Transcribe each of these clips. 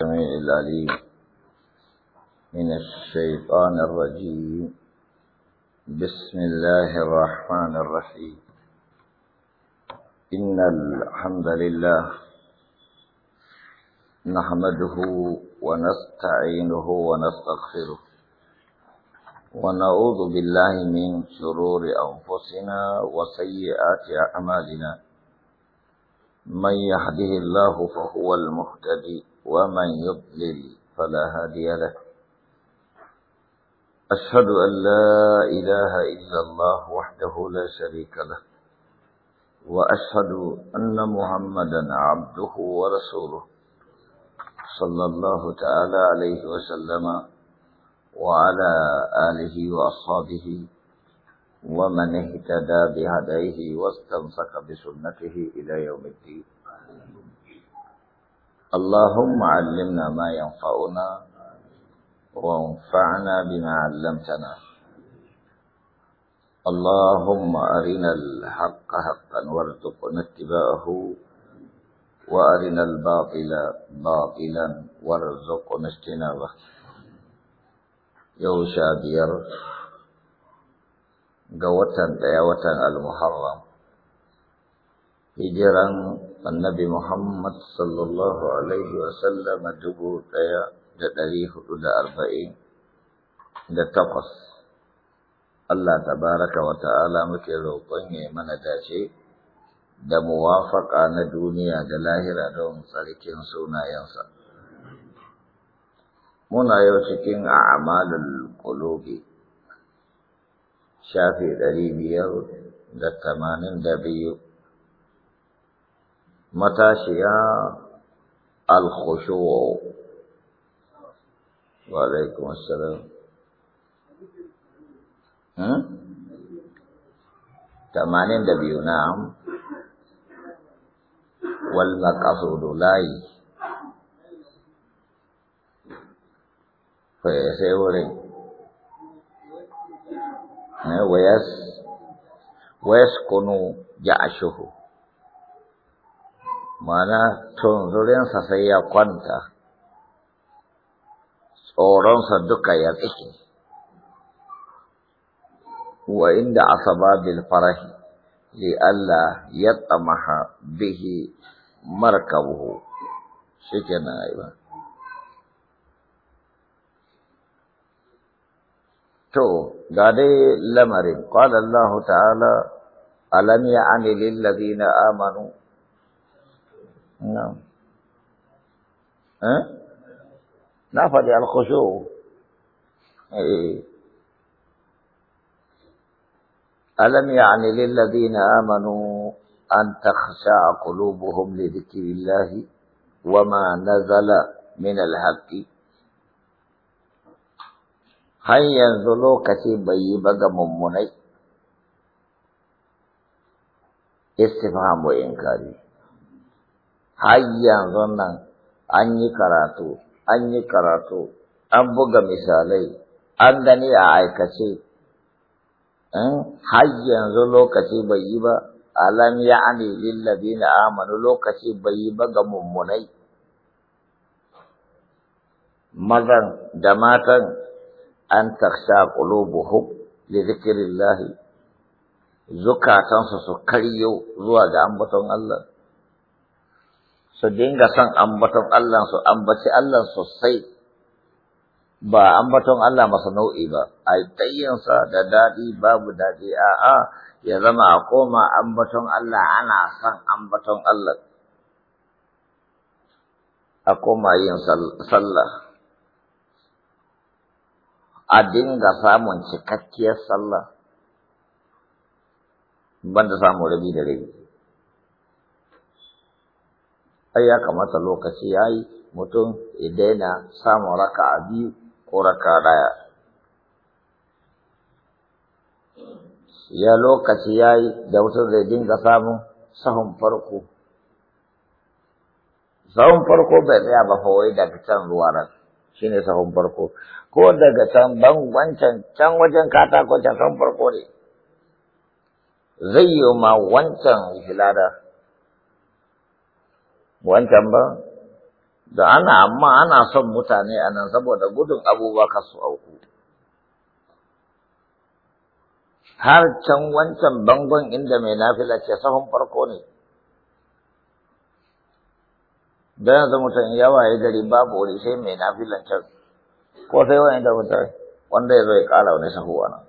السميع العليم من الشيطان الرجيم بسم الله الرحمن الرحيم إن الحمد لله نحمده ونستعينه ونستغفره ونعوذ بالله من شرور أنفسنا وسيئات أعمالنا من يهده الله فهو المهتدي ومن يضلل فلا هادي له أشهد أن لا إله إلا الله وحده لا شريك له وأشهد أن محمدا عبده ورسوله صلى الله تعالى عليه وسلم وعلى آله وأصحابه ومن اهتدى بهديه واستمسك بسنته إلى يوم الدين اللهم علمنا ما ينفعنا وانفعنا بما علمتنا اللهم أرنا الحق حقا وارزقنا اتباعه وأرنا الباطل باطلا وارزقنا اجتنابه يوشا بير قوة ga المحرم ɗaya annabi Muhammad sallallahu alaihi wasallam da ɗari hudu da arba'in da takwas. Allah tabaraka wa ta'ala muke roƙon ya mana dace da muwafaƙa na duniya da lahira don tsarkin sunayensa. Muna yau cikin a'malul qulubi shafi ɗari biyar da tamanin da biyu. متى شيا الخشوع وعليكم السلام تمانين دبيو نعم والمقصود لاي فيسيوري ويس ويسكنوا جعشه mana tunzurinsa sai ya kwanta tsoronsa duka ya tsike wa inda asababil farahi li Allah ya tsamaha bihi markabuhu shi ke na ba to ga dai lamarin qala Allah ta'ala alam ya'ani lil ladina amanu نعم ها نفد الخشوع اي ألم يعني للذين آمنوا أن تخشع قلوبهم لذكر الله وما نزل من الحق har ينزلوا lokaci يبقى yi استفهام وإنكاري har yanzu nan an yi karatu an yi karatu an buga misalai an gani a aikace hmm? har yanzu lokaci bai yi ba alam ya ani na amanu lokaci bai yi ba ga mummunai mazan da matan an taksha qulubuhum li zikrillah zukatansu su karyo zuwa ga ambaton Allah su dinga son ambaton Allah su ambaci Allah sosai ba ambaton Allah masa nau'i ba a tayyansa da daɗi babu daɗi a'a ya zama a koma ambaton Allah ana son ambaton Allah a koma yin sallah a dinga samun cikakkiyar sallah banda samun rabi da rabi ai ya kamata lokaci ya yi mutum ya daina samun raka a biyu ko raka daya. Ya lokaci ya yi da mutum zai dinga samun sahun farko. Sahun farko bai tsaya ba fawai daga can ruwa nan shi ne sahun farko. Ko daga can ban wancan can wajen katako can sahun farko ne. Zai yi ma wancan hilada. wancan ba da ana amma ana son mutane a nan saboda gudun abubuwa ka su auku har can wancan bangon inda mai nafila ce sahun farko ne da yanzu mutum yawa ya gari babu wuri sai mai nafilan can ko sai wani da mutum wanda ya zo ya kala wani sahuwa na. nan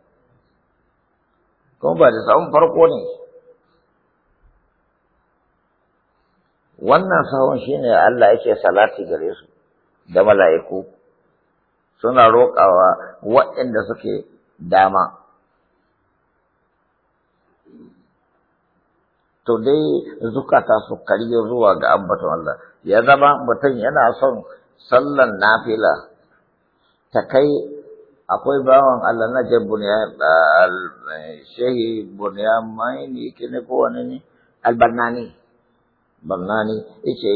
kuma ba da sahun farko ne wannan sahun shine Allah yake salati gare su da mala'iku suna roƙawa waɗanda suke dama to dai zukata su kariya zuwa ga ambaton Allah ya zama mutum yana son sallan nafila ta kai akwai bawan Allah na je buniya shehi buniya mai ne ko wani ne albarnani barnani yace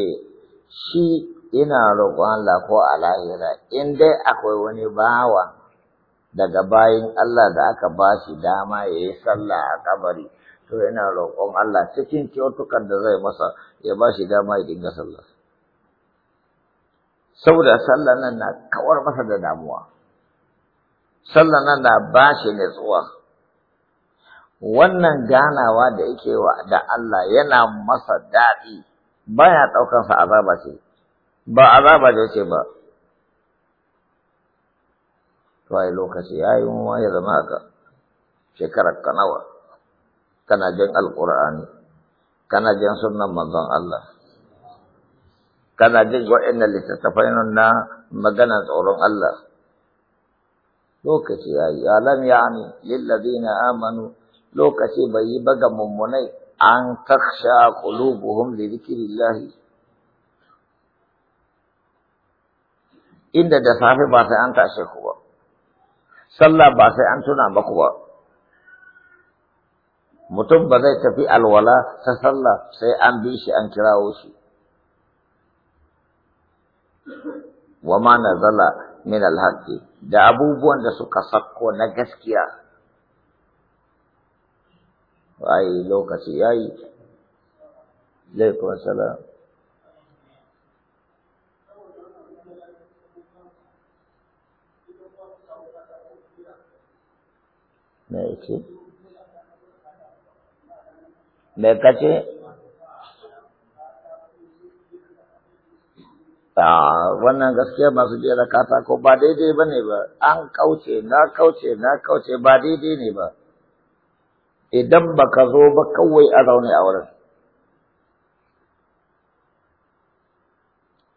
shi ina roƙon Allah ko a lahira in dai akwai wani bawa daga bayan Allah da aka ba shi dama ya yi sallah a kabari to ina roƙon Allah cikin kyautukan da zai masa ya ba shi dama ya dinga sallah saboda sallah nan na kawar masa da damuwa sallah nan na ba shi nutsuwa wannan ganawa da yake wa da Allah yana masa daɗi baya sa azaba ce ba azaba da ce ba to ai lokaci yi mu ya zama ka? shekarar kanawa kana jin alqur'ani kana jin sunnan manzon Allah kana jin wa'annan littattafai na maganar tsoron Allah lokaci ya yi. alam yani lil ladina amanu lokaci bai yi ba ga mummunai an taksha qulubuhum li inda da safe ba sai an tashe ku ba sallah ba sai an tuna ba ku ba mutum ba zai tafi alwala ta sallah sai an bi shi an kirawo shi wa ma nazala min alhaqi da abubuwan da suka sakko na gaskiya ai lokaci yayi alaikum salam me yake me kace ah, wannan gaskiya masu jera katako ba daidai ba ne ba an kauce na kauce na kauce ba daidai ne ba idan ba ka zo ba kawai a zaune a wurin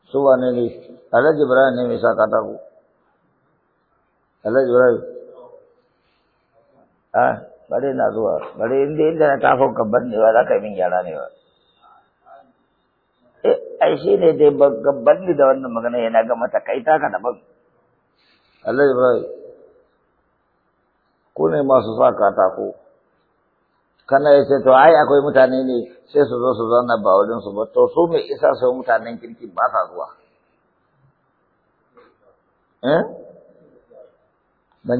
su ba ne alhaji ibrahim ne mai sa katako alhaji ibrahim a bari na zuwa bari inda inda na tafi kabban ne ba za ka yi min gyara ne ba eh, ai shi ne dai ne da wannan magana yana ga ta kai ka daban alhaji ibrahim ku ne masu sa katako kana ya ce to ai akwai mutane ne sai su zo su zauna ba wajen su ba to su mai isa su mutanen kirki ba sa zuwa eh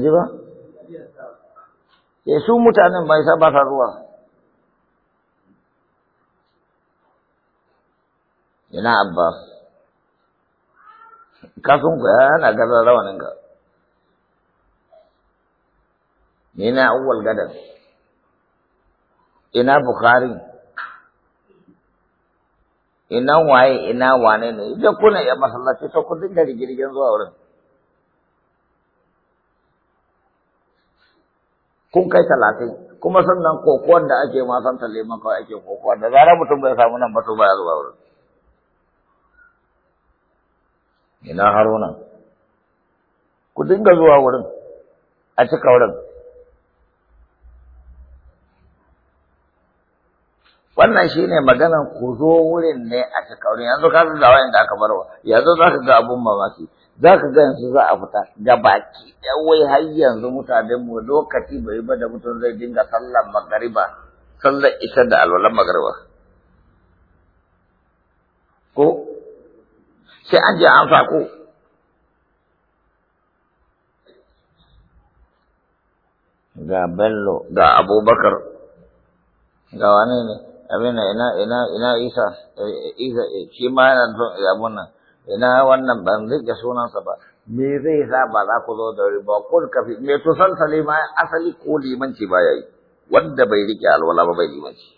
ji ba sai eh, su mutanen ba isa ba sa zuwa ina abbas kafin ku eh, na gaza rawanin ka ni na awwal gadar ina Bukhari, ina waye, ina wane ne, idan kuna ya masallaci to ku dinga rigirgin zuwa wurin. Kun kai talatin, kuma sannan kokowar da ake masan taleman kawai ake kokowar da zarar mutum bai samu nan ba to baya zuwa wurin. Ina haruna, ku dinga zuwa wurin, a cika wurin. wannan shine maganan ku zo wurin ne a cikin yanzu ka da wayan da aka barwa yanzu za ka ga abun mamaki za ka ga yanzu za a fita ga baki wai har yanzu mutanen mu lokaci bai ba da mutum zai dinga sallar magariba sallar isar da alwalan magariba ko sai an je an ko ga Bello, ga Abubakar, ga wane ne, abinda ina ina ina isa eh, isa eh, shi ma yana son abun nan ina wannan ban rike sunansa ba me zai sa ba za ku zo da wuri ba ka fi me to san ma asali ko limanci ba yayi wanda bai rike alwala ba bai limanci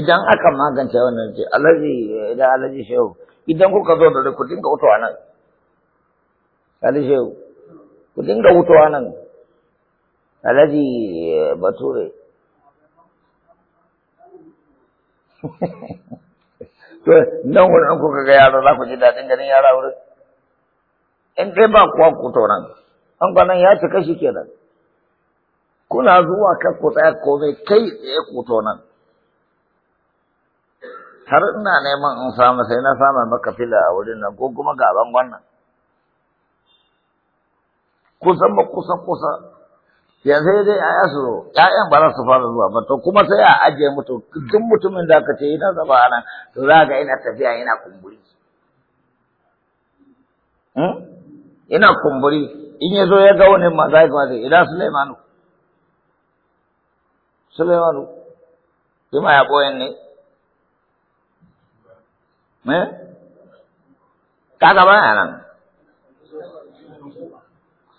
idan aka magance wannan ce alaji idan alaji shehu idan kuka zo da ku dinga wutowa nan alaji shehu ku dinga wutowa nan alhaji eh, bature to nan wani an kuka ga yaro za ku ji daɗin ganin yara wuri in kai ba kuwa ku nan an kwanan ya cika shi kenan kuna zuwa kan ku tsaya komai kai tsaye ku nan har ina neman in samu sai na sama maka fila a wurin nan ko kuma ga wannan kusan ba kusa kusa yanzu zai ya su ya'yan ba za su fara zuwa ba to kuma sai a ajiye mutum duk mutumin da aka ce ina zaba ana to za ga ina tafiya ina kumburi hmm? ina kumburi in ya zo ya ga wani ma za ga wani ina Sulaimanu Sulaimanu kima ya koyan ne me hmm? kaga ba nan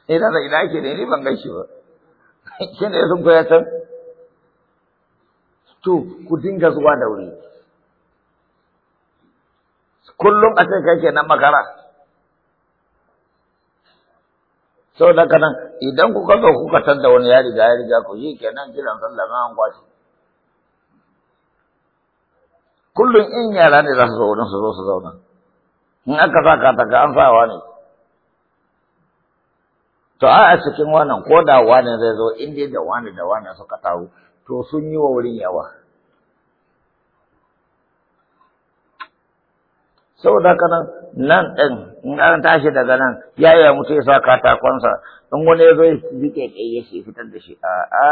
Ni eh, da ina ake ne ni ban gaishe ba. Shi ne sun koya can. To ku dinga zuwa da wuri. Kullum a kai kenan makara. saboda haka nan idan kuka zo kuka da wani ya riga ya riga ku yi kenan kiran sallah ma an kwace kullum in yara ne za su zo wurin su zo su zauna in aka sa ka taka an sawa ne To a a cikin wannan ko da wani zai zo inda da wani da wani suka taru to sun yi wa wurin yawa. Saboda haka nan nan ɗin in an tashi daga nan ya yi mutu ya sa katakonsa in wani ya zo ya rike ɗaya ya fitar da shi a a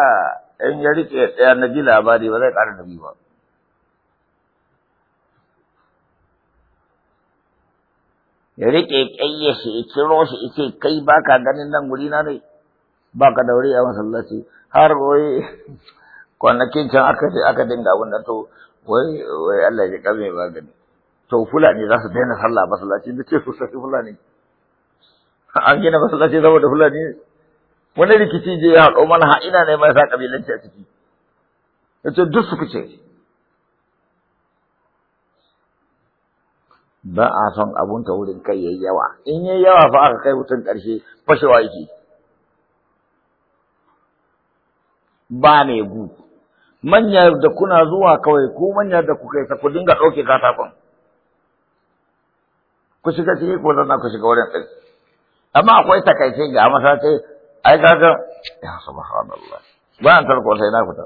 in ya rike ɗaya na ji labari ba zai ƙara da ba. ya riƙe ƙayya shi ya ciro shi ya ce kai baka ganin nan guri na ne baka da wuri a masallaci har wai kwanakin can aka ce aka dinga abin da to wai wai Allah ya kame ba gani to fulani za su daina sallah masallaci da ce su sai fulani an gina masallaci saboda fulani wani rikici je ya haɗo mana ha ina ne mai sa kabilanci a ciki yace duk su fice ba a son abun ta wurin kai yayi yawa in yayi yawa fa aka kai mutun ƙarshe fashewa yake ba mai gu manya da kuna zuwa kawai ko manya da kuka yi ku dinga ɗauke katakon ku shiga cikin ko na ku shiga wurin ɗin amma akwai takaice ga ce, ai kaga ya subhanallah ba an tarko sai na fita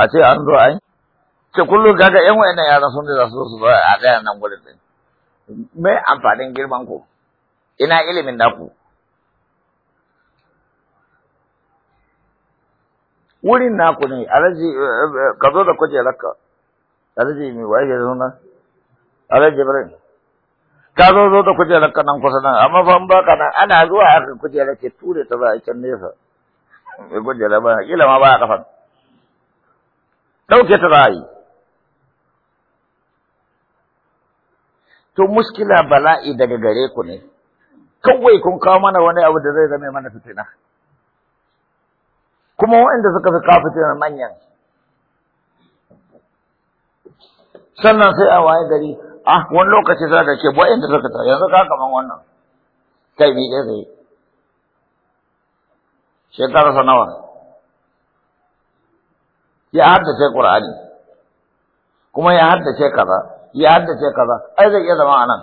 a ce an zo ai ce kullum kaga yan wayannan yaran sun da su su zo a ga nan gurin din me amfanin girman ku ina ilimin ku wurin naku ne alaji eh, eh, ka zo da kujerarka alaji mai waye zo nan alaji ibrahim ka zo zo da kujerarka nan kusa nan amma ban ba ka nan ana zuwa aka kujerar ke ture ta za a can nesa mai kujera ba kila ma ba a kafan ɗauke ta za a yi. To muskila bala'i daga gare ku ne, kawai kun kawo mana wani abu da zai zama mana fitina. Kuma waɗanda suka fi kawo fitina manyan. Sannan sai a waye gari, ah, wani lokaci za ka ce, waɗanda suka ta yanzu ka kaman wannan. Kai miƙe zai. Shekara sanawa. nawa. ya haddace Qur'ani kuma ya haddace kaza ya haddace kaza ai zai iya zama anan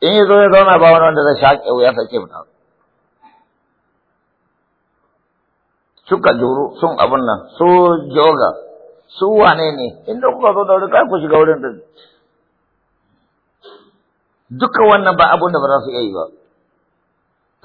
in yi zo ya zauna ba wani wanda zai shaƙe wuya sake fita suka juru sun abin nan su joga su wane ne inda kuka zo da wuri kai ku shiga wurin da duka wannan ba abun da ba za su iya yi ba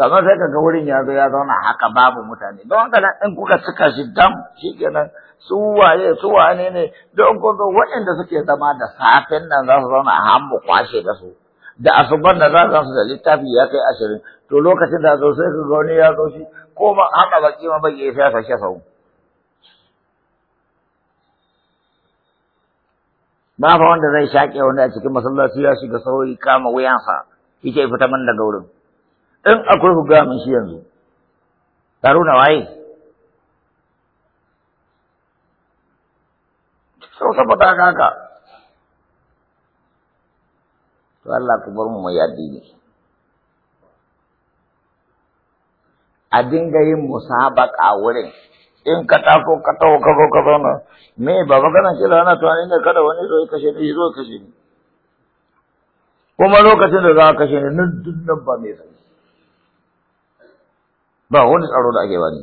kamar sai kaga wurin ya zo ya zauna haka babu mutane don haka nan in kuka suka shi dam shikenan su waye su wane ne don kun zo waɗanda suke zama da safen nan za su zauna a hambu kwashe da su da asuban da za su da littafi ya kai ashirin to lokacin da zo sai ka ga wani ya zo shi ko ma haka baki ma bai ya ka shi sau ba fa wanda zai shaƙe wani a cikin masallaci ya shiga sauri kama wuyansa yake fita min daga wurin in akwai hugga mun shi yanzu na waye sau saboda haka to Allah ku bar mu mai addini a dinga yin musabaka wurin in ka taso ka tawo ka zo ka zauna me ba ba kana kila ana tunanin da kada wani zo kashe ni zo kashe ni kuma lokacin da za ka kashe ni nan duk nan ba mai sani ba wani tsaro da ake bani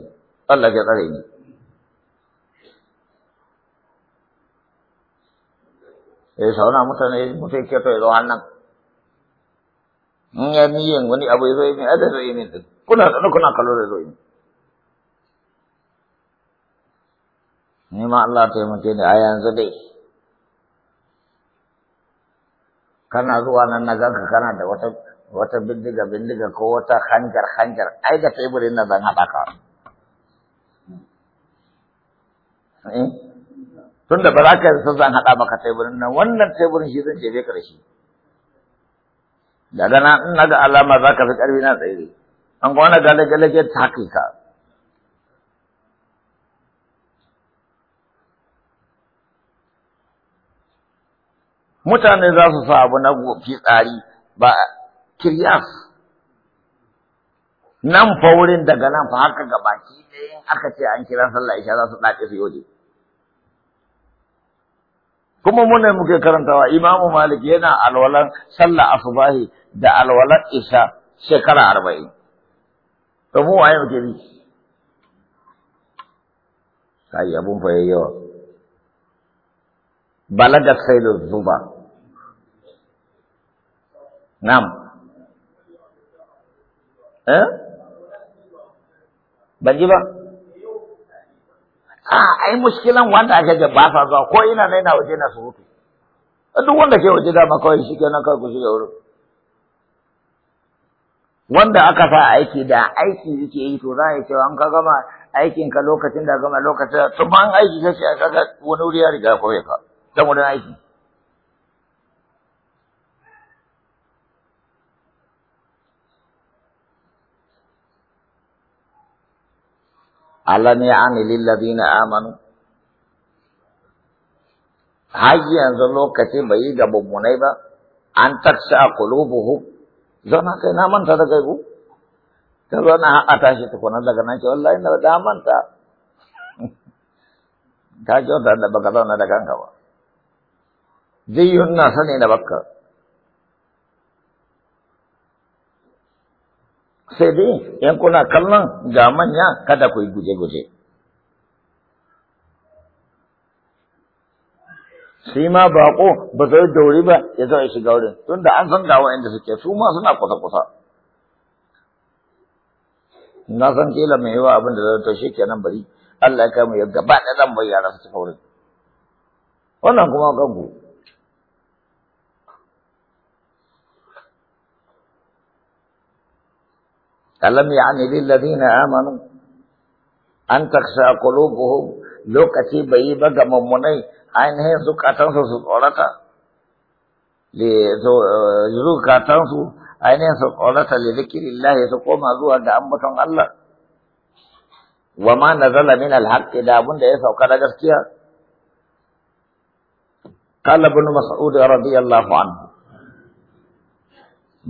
Allah ya tsare ni eh sauna mutane mutai ke to zo hannan in ya yin wani abu ya zo yi ada zo yi din kuna tsaro kuna kallo da zo yi ni ma Allah ta yi mutum a yanzu dai kana zuwa nan na ganka kana da wata wata bindiga bindiga ko wata hanjar hanjar ai da teburin nan zan haɗa ka eh? tun da ba za ka san zan haɗa maka teburin nan wannan teburin shi zan ce ka karshe daga na ina ga alama za ka fi ƙarfi na tsaye an kwana gale gale ke ta hakika mutane za su sa abu na fitsari ba kiryas nan fa wurin daga nan fa haka ga baki ɗaya aka ce an kira sallah isha za su ɗaɗe su yode kuma mu ne muke karantawa imamu malik yana alwalan sallah asubahi da alwalan isha shekara arba'in to mu waye muke bi kai abun fa yawa balaga sailu zuba Nam. Eh? Banji ji ba? A ah, ai muskilan wanda aka ga ba sa zuwa ko ina na waje na su hutu. Eh, duk wanda ke waje dama kawai shi kenan kar ku shiga wurin. Wanda aka sa aiki da aiki yake yi to za a yi cewa an ka gama aikin ka lokacin da gama lokacin to ban aiki kace aka wani wuri ya riga kawai ka. Dan wani aiki. ani lila lil na amanu Haji yanzu lokaci bai yi gabo munai ba an taksha qulubuhum zama kai na manta da kai ku ta zo na a tashi tukuna daga nan ce wallahi na da manta ta wata da baka zauna da kanka ba zai yi na sani da baka sai dai yan kuna kallon ga manya kada ku yi guje-guje shi ma baƙo ba zai dauri ba ya zai ya shiga wurin tunda an san ga waɗanda suke su ma suna kusa-kusa na san kila mai yawa abin da zai ke nan bari Allah ya kai mu yadda ba da zan bayyana su cikin wurin wannan kuma kanku alam yani lil ladina amanu an taksha qulubuhum lokaci bai ba ga mummunai ainihin zukatansu su tsorata zukatansu ainihin su tsorata li zikirillahi su koma zuwa ga ambaton Allah wa ma nazala min alhaqqi da abun da ya sauka da gaskiya qala ibn mas'ud radiyallahu anhu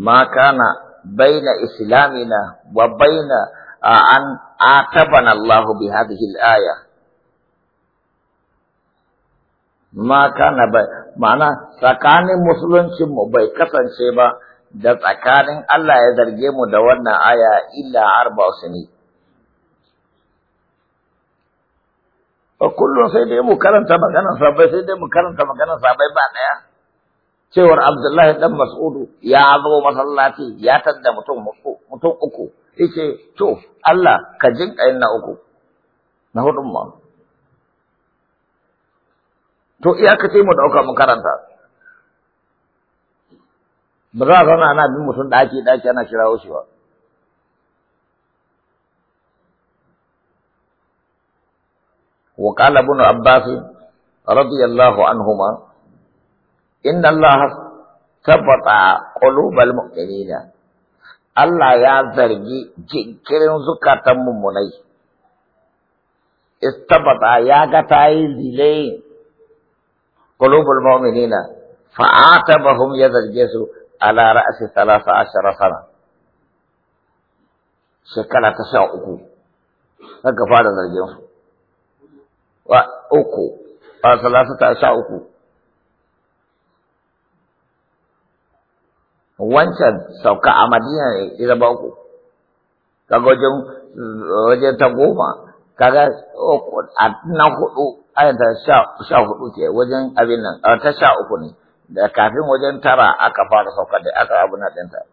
ma kana بين إسلامنا وبين أن عاتبنا الله بهذه الآية ما كان معنى سكان مسلم bai kasance ba da tsakanin Allah ya zarge mu da wannan aya illa arba A kullum sai dai mu karanta maganar sabai sai dai mu karanta maganar sabai ba ɗaya. cewar Abdullahi dan Mas'udu ya zo masallaci ya tadda mutum mutum uku yace to Allah ka jinka na uku na hudun ma to iya ka ce mu dauka mu karanta ba za a zauna ana bin mutum daki daki ana kirawo shi ba وقال ابن عباس رضي الله عنهما inna Allah tabbata qulubal mu'minina Allah ya zargi jinkirin zukatan mummunai istabata ya ga tayi delay qulubul mu'minina fa'atabahum ya zarge su ala ra'si 13 sana shekara ta sha uku haka fara zargin su wa uku a salasa ta sha uku wancan sauka a madina ita ba uku kaga wajen wajen ta goma kaga na hudu ta sha hudu ke wajen abin nan ta sha uku ne da kafin wajen tara aka fara sauka da aka abu na dinta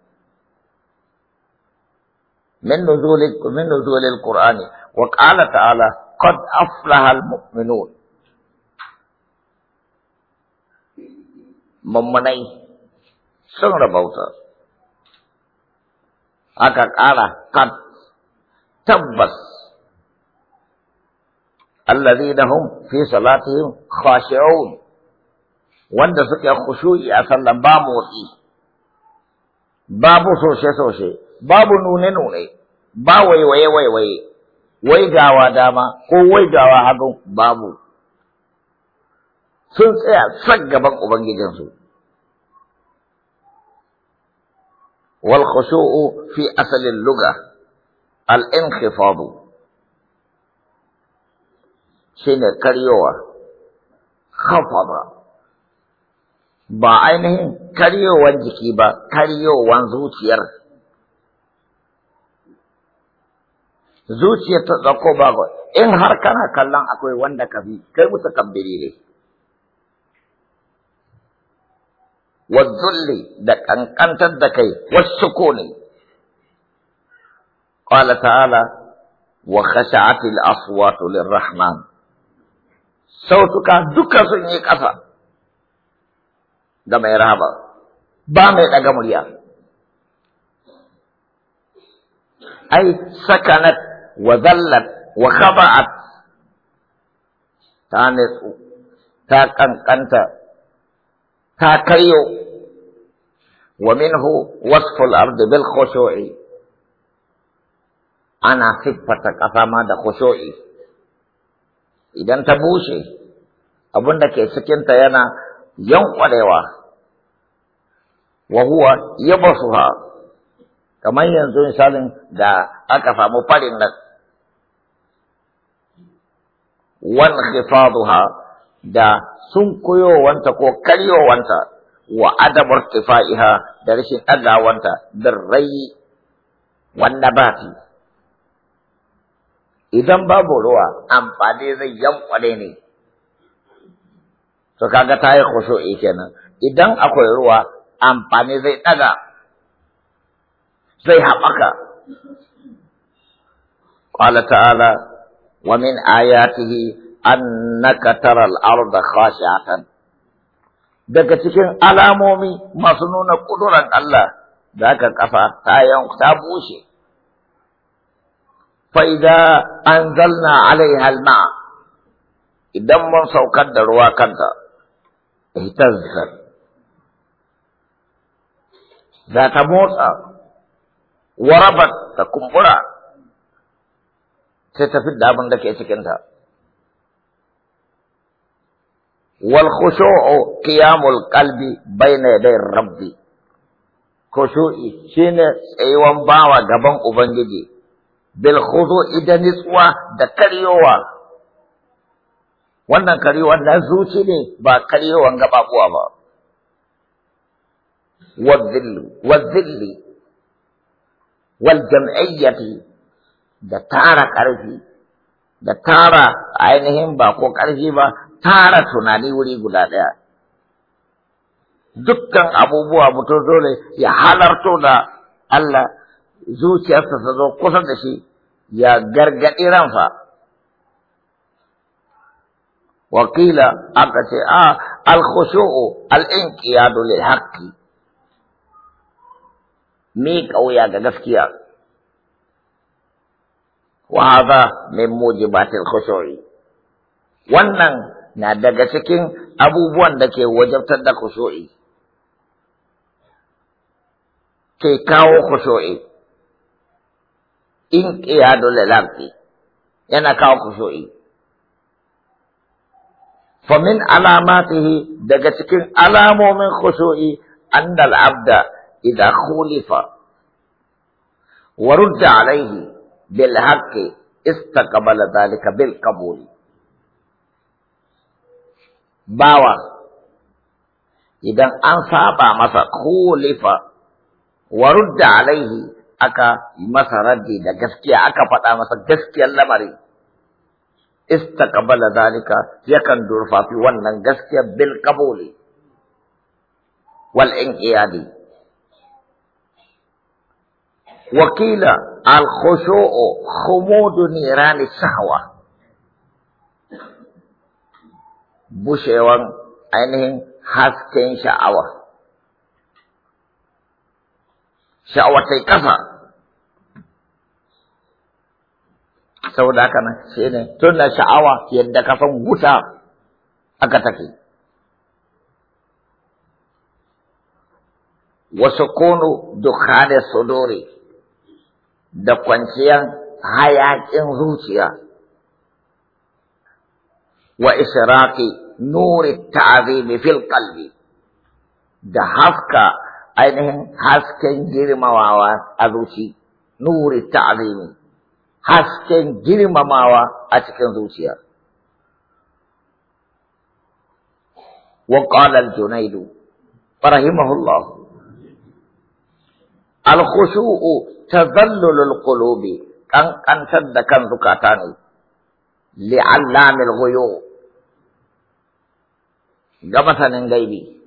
min nuzulil min nuzulil qur'ani wa qala ta'ala qad aflaha al mu'minun mummunai sun rabauta aka ƙara kat tabbas na hum fi salatihim khashi'un wanda suke khushu'i a sallan ba motsi babu soshe soshe babu nune nune ba waiwaye waiwaye gawa dama ko wai gawa hagu babu sun tsaya sak gaban ubangijinsu والخشوع في أصل اللغة الانخفاض شين كريوة خفض بعينه كريو وانجكيبا كريو وانزوتير زوتير تتقو باغو إن هركنا كلا أكوي واندكبي كيف تكبري لي والذل دك أن أنت الدكي والسكون قال تعالى وخشعت الأصوات للرحمن صوتك دك سنيك كفا دم إرهابا بامي تقمليا أي سكنت وذلت وخضعت تانس تاكن كنت ta karyo wa minhu wasful ardi bil khushu'i ana siffata ƙasa da khushu'i idan ta bushe abin da ke cikinta yana yankwarewa wa huwa yabsuha kamar yanzu misalin da aka samu farin nan wan khifaduha da sun koyowanta ko karyowanta wa adabar tifa'iha da rashin ɗagawanta da rai wanda shi. Idan babu ruwa amfani zai yankwale ne, to kaga ta yi khushu'i kenan. Idan akwai ruwa amfani zai ɗaga, zai haɓaka. Ƙwala ta'ala wa min ayatihi annaka taral arda khashi'atan daga cikin alamomi masu nuna kudurar Allah zaka kafa tayan ta bushe fa idza anzalna alaiha alma idan mun saukar da ruwa kanta ihtazzat za ta motsa warabat ta kumbura sai ta fi da abin da ke cikinta. wal khushu'u qiyamul qalbi bayna yaday rabbi khushu'i shine tsayuwan bawa gaban ubangiji bil khudu'i da nitsuwa da karyowa wannan karyewar na zuci ne ba karyewan gababuwa ba wadzilli wal jam'iyyati da tara ƙarfi da tara ainihin ba ko ƙarfi ba tara tunani wuri guda ɗaya. Dukkan abubuwa mutum dole ya halarto da Allah zuciyarsa ta zo kusa da shi ya gargaɗi ranfa. Wakila aka ce, A, alkhushu'u al'inƙiyadu lil haƙƙi, mi ƙauya ga gaskiya. Wa haza min mujibatil khushu'i. Wannan na daga cikin abubuwan da ke wajabtar da kusho'i, ke kawo kusho'i, in dole lalabti yana kawo kusho'i. Famin alamatihi daga cikin alamomin kusho'i an abda idan khulifa wa rudda alaihi bil haqqi istaqbala zalika bil qabuli bawa idan an saba masa khulifa wa rudda alaihi aka masa raddi da gaskiya aka faɗa masa gaskiyar lamari istaqbala zalika yakan fi wannan gaskiya bil qabuli wal inqiyadi وقيل الخشوع خمود نيران الشهوه bushewan ainihin hasken sha'awa. Sha'awa ta ƙasa. Saboda haka nan shi ne tun da sha'awa yadda ka san aka tafi, Wasu kono dukkanin sudori da kwanciyar hayaƙin zuciya. وإشراق نور التعظيم في القلب ده حفكة أينهم حسكن جرمواوا أذوشي نور التعظيم حسكن جرمماوا أتكن ذوشيا وقال الجنيد رحمه الله الخشوع تذلل القلوب كان كان سد كان ذكاتاني لعلام الغيوب ga masanin gaibi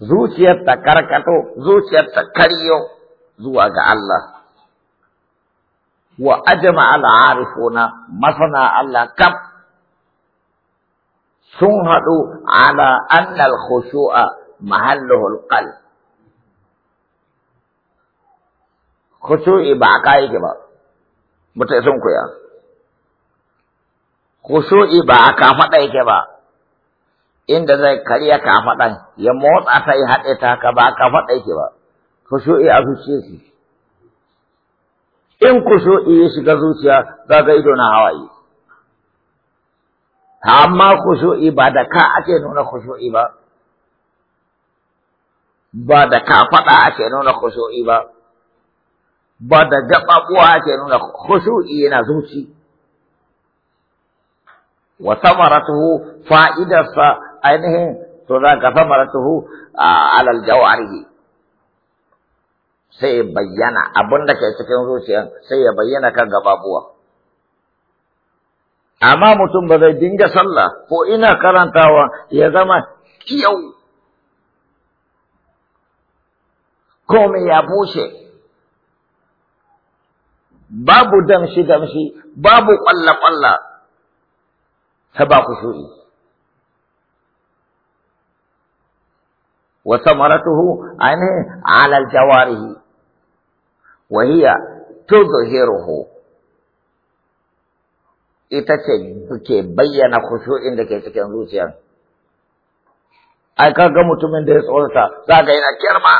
zuciyar ta karkato zuciyar ta karyo zuwa ga Allah wa ajma al masana Allah kaf sun haɗu ala annal khushu'a mahalluhul qalb khushu'i ba kai ke ba mutai sun ya. kushu'i ba a kafaɗa yake ba inda zai karya kafaɗan ya motsa ta yi haɗe ta haka ba a kafaɗa yake ba kushu'i a zuciya su in kushu'i ya shiga zuciya za ga ido na hawaye amma kushu'i ba da ka ake nuna kushu'i ba ba da ka faɗa ake nuna kushu'i ba ba da gaɓaɓuwa ake nuna kushu'i yana zuci wa samaratuhu fa'idarsa ainihin to za ka samaratuhu alal jawarihi sai bayyana abin da ke cikin zuciyan sai ya bayyana kan gababuwa amma mutum ba zai dinga sallah ko ina karantawa ya zama kiyau komai ya bushe babu damshi damshi babu kwalla kwalla ba khushu'i wa samaratuhu ainihin alal jawarihi wa hiya ita ce ke bayyana khushu'in da ke cikin zuciyar ai kaga mutumin da ya tsorata za ga yana kirma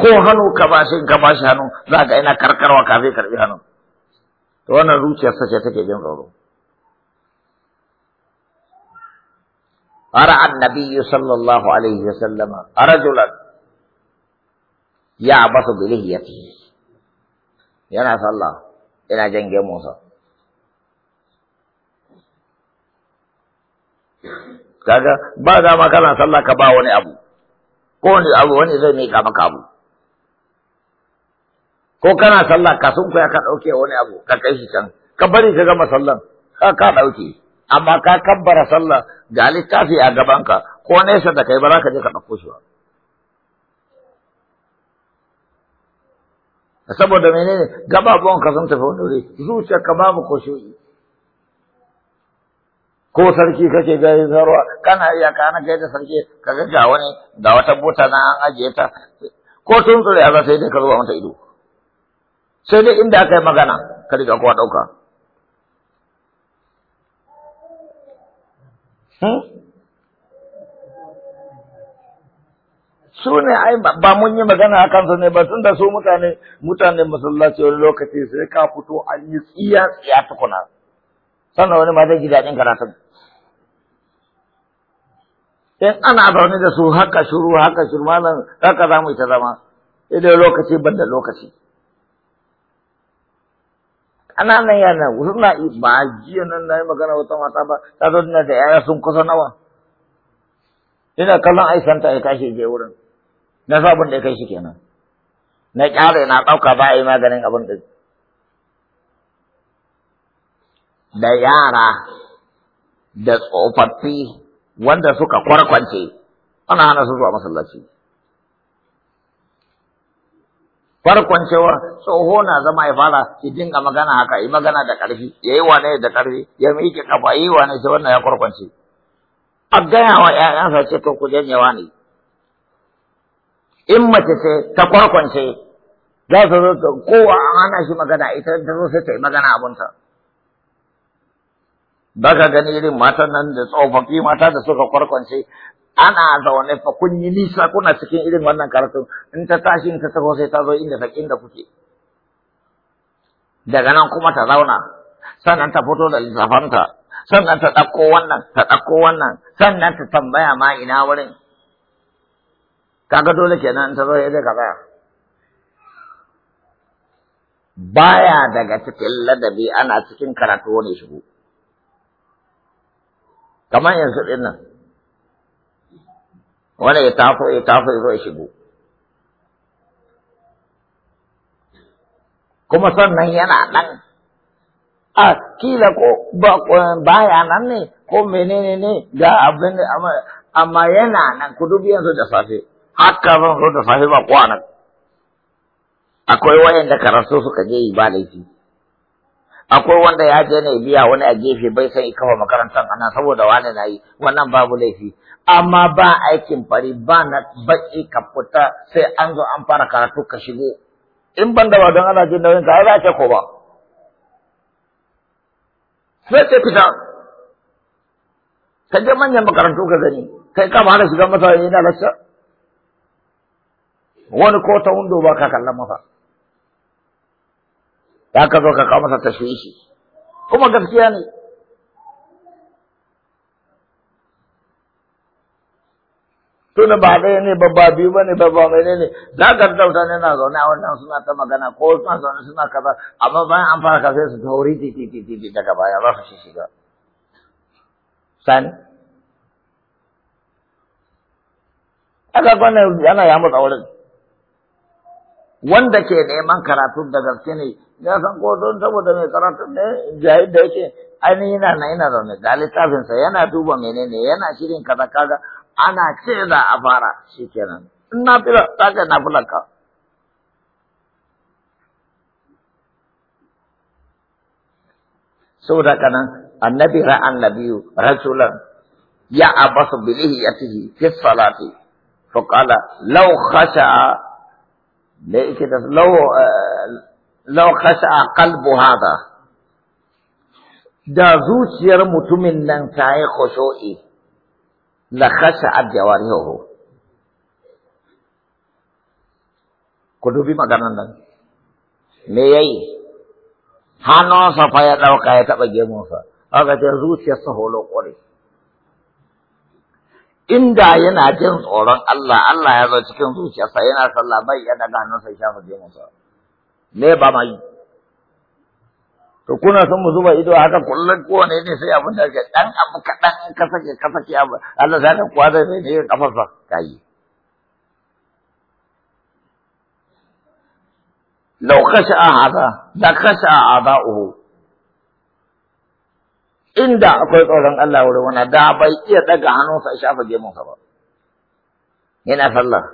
ko hannu ka ba shi ka ba shi hannu za ga yana karkarwa kafin karbi hannu to wannan zuciyarsa ce take jin tsoro رأى النبي صلى الله عليه وسلم رجلا يعبث بلهيته yana sallah ina jan gemunsa kaga ba dama kana sallah ka ba wani abu ko wani abu wani zai mika ko kana sallah ka sun ka ɗauke wani abu ka kai shi can ka bari ka gama sallan ka ka ɗauke amma ka kabbara sallah ga littafi a gabanka ko nesa da kai ba za ka je ka ɗauko shi ba saboda menene gababuwan ka sun tafi wani wuri zuciyarka babu koshoyi ko sarki kake gari zarwa kana iya kana kai da sarki ka ga wani da wata bota na an ajiye ta ko tun tsure a sai dai ka zuba mata ido sai dai inda aka yi magana ka riga kowa ɗauka su ne ai ba mun yi magana a kansu ne ba tun da su mutane mutane masallaci wani lokaci sai ka fito a yi tsiya tsiya tukuna sannan wani ma zai ji daɗin karatun in ana zaune da su haka shuru haka shuru malam haka za mu ita zama idan lokaci ban da lokaci ƙananan yana suna ba jiya nan na yi magana wata mata ba ta zo da yaya sun kusa nawa ina kallon ta ya kashe je wurin na sa abin da ya kai shi kenan na kyara na ɗauka ba a yi maganin abin da da yara da tsofaffi wanda suka kwarkwance ana hana su zuwa masallaci farkon cewa tsoho na zama ya fara shi dinga magana haka yi magana da ƙarfi ya yi wane da ƙarfi ya miƙe kafa yi wane sai wannan ya kwarkwance a gaya wa ‘ya'yansa ce to ku janye ne. in mace ce ta kwarkwance za su zo ta kowa an hana shi magana ita ta zo sai ta yi magana abunta ba ka gani irin matan nan da tsofaffi mata da suka kwarkwance ana zaune fa kun yi nisa kuna cikin irin wannan karatu in ta tashi in ta sai ta zo inda inda kuke daga nan kuma ta zauna sannan ta fito da lissafanta sannan ta ɗauko wannan ta ɗauko wannan sannan ta tambaya ma ina wurin kaga dole kenan in ta zo yadda ka tsaya baya daga cikin ladabi ana cikin karatu ne shigo kamar yanzu ɗin nan wani ya taso ya taso ya zo ya shigo kuma sannan yana nan a kila ko baya nan ne ko menene ne ga abin da amma yana nan ku dubi yanzu da safe haka zan zo da safe ba ko nan akwai wayanda karasu suka je ba laifi akwai wanda ya je ne biya wani a gefe bai san kafa makarantar ana saboda wani na yi wannan babu laifi amma ba aikin fari ba na baki ka fita sai an zo an fara karatu ka shigo in ban da ba ana jin nauyin ka za ce ko ba sai sai fita ka je manyan makarantu ka gani kai ka ba da shiga masa yana lassa wani ko ta windo ba ka kallon masa ya ka zo ka kawo masa tashwishi kuma gaskiya ne tuna ba ɗaya ne ba ba biyu ba ne ba ba mai ne za ka dauta ne na zaune a wannan suna ta magana ko suna zaune suna kaza amma bayan an fara kafin su tauri ti ti ti ti daga baya ba su shiga sani aka gwana yana ya mutu wurin wanda ke neman karatu da gaske ne ya san ko don saboda mai karatu ne jahil da yake ainihin yana na yana zaune da littafinsa yana duba menene yana shirin kaza kaga أنا أكسيدا أفارا شكرا نابلة تاجة نابلة كا سورة كنا النبي رأى النبي رسولا يا أبص بليه يتيه في الصلاة فقال لو خشع لو لو خشى قلب هذا دازو سير متمنن تاي خشوئي la khasha'at jawarihuhu ku dubi maganan nan me yayi hannunsa fa ya ɗauka ya taɓa gemunsa aka ce zuciyarsa holo ƙware inda yana jin tsoron Allah Allah ya zo cikin zuciyarsa yana sallah bai ya daga hannunsa ya shafa gemunsa me ba mai. to kuna son mu zuba ido haka kullum kowane ne sai abin da ke dan abu kaɗan ka sake ka sake abu Allah za ka kwada sai ne kafarsa ka yi da kashe a لخشع أعداؤه inda akwai tsoron Allah wurin wani da bai iya daga hannunsa sai shafa gemunsa ba yana sallah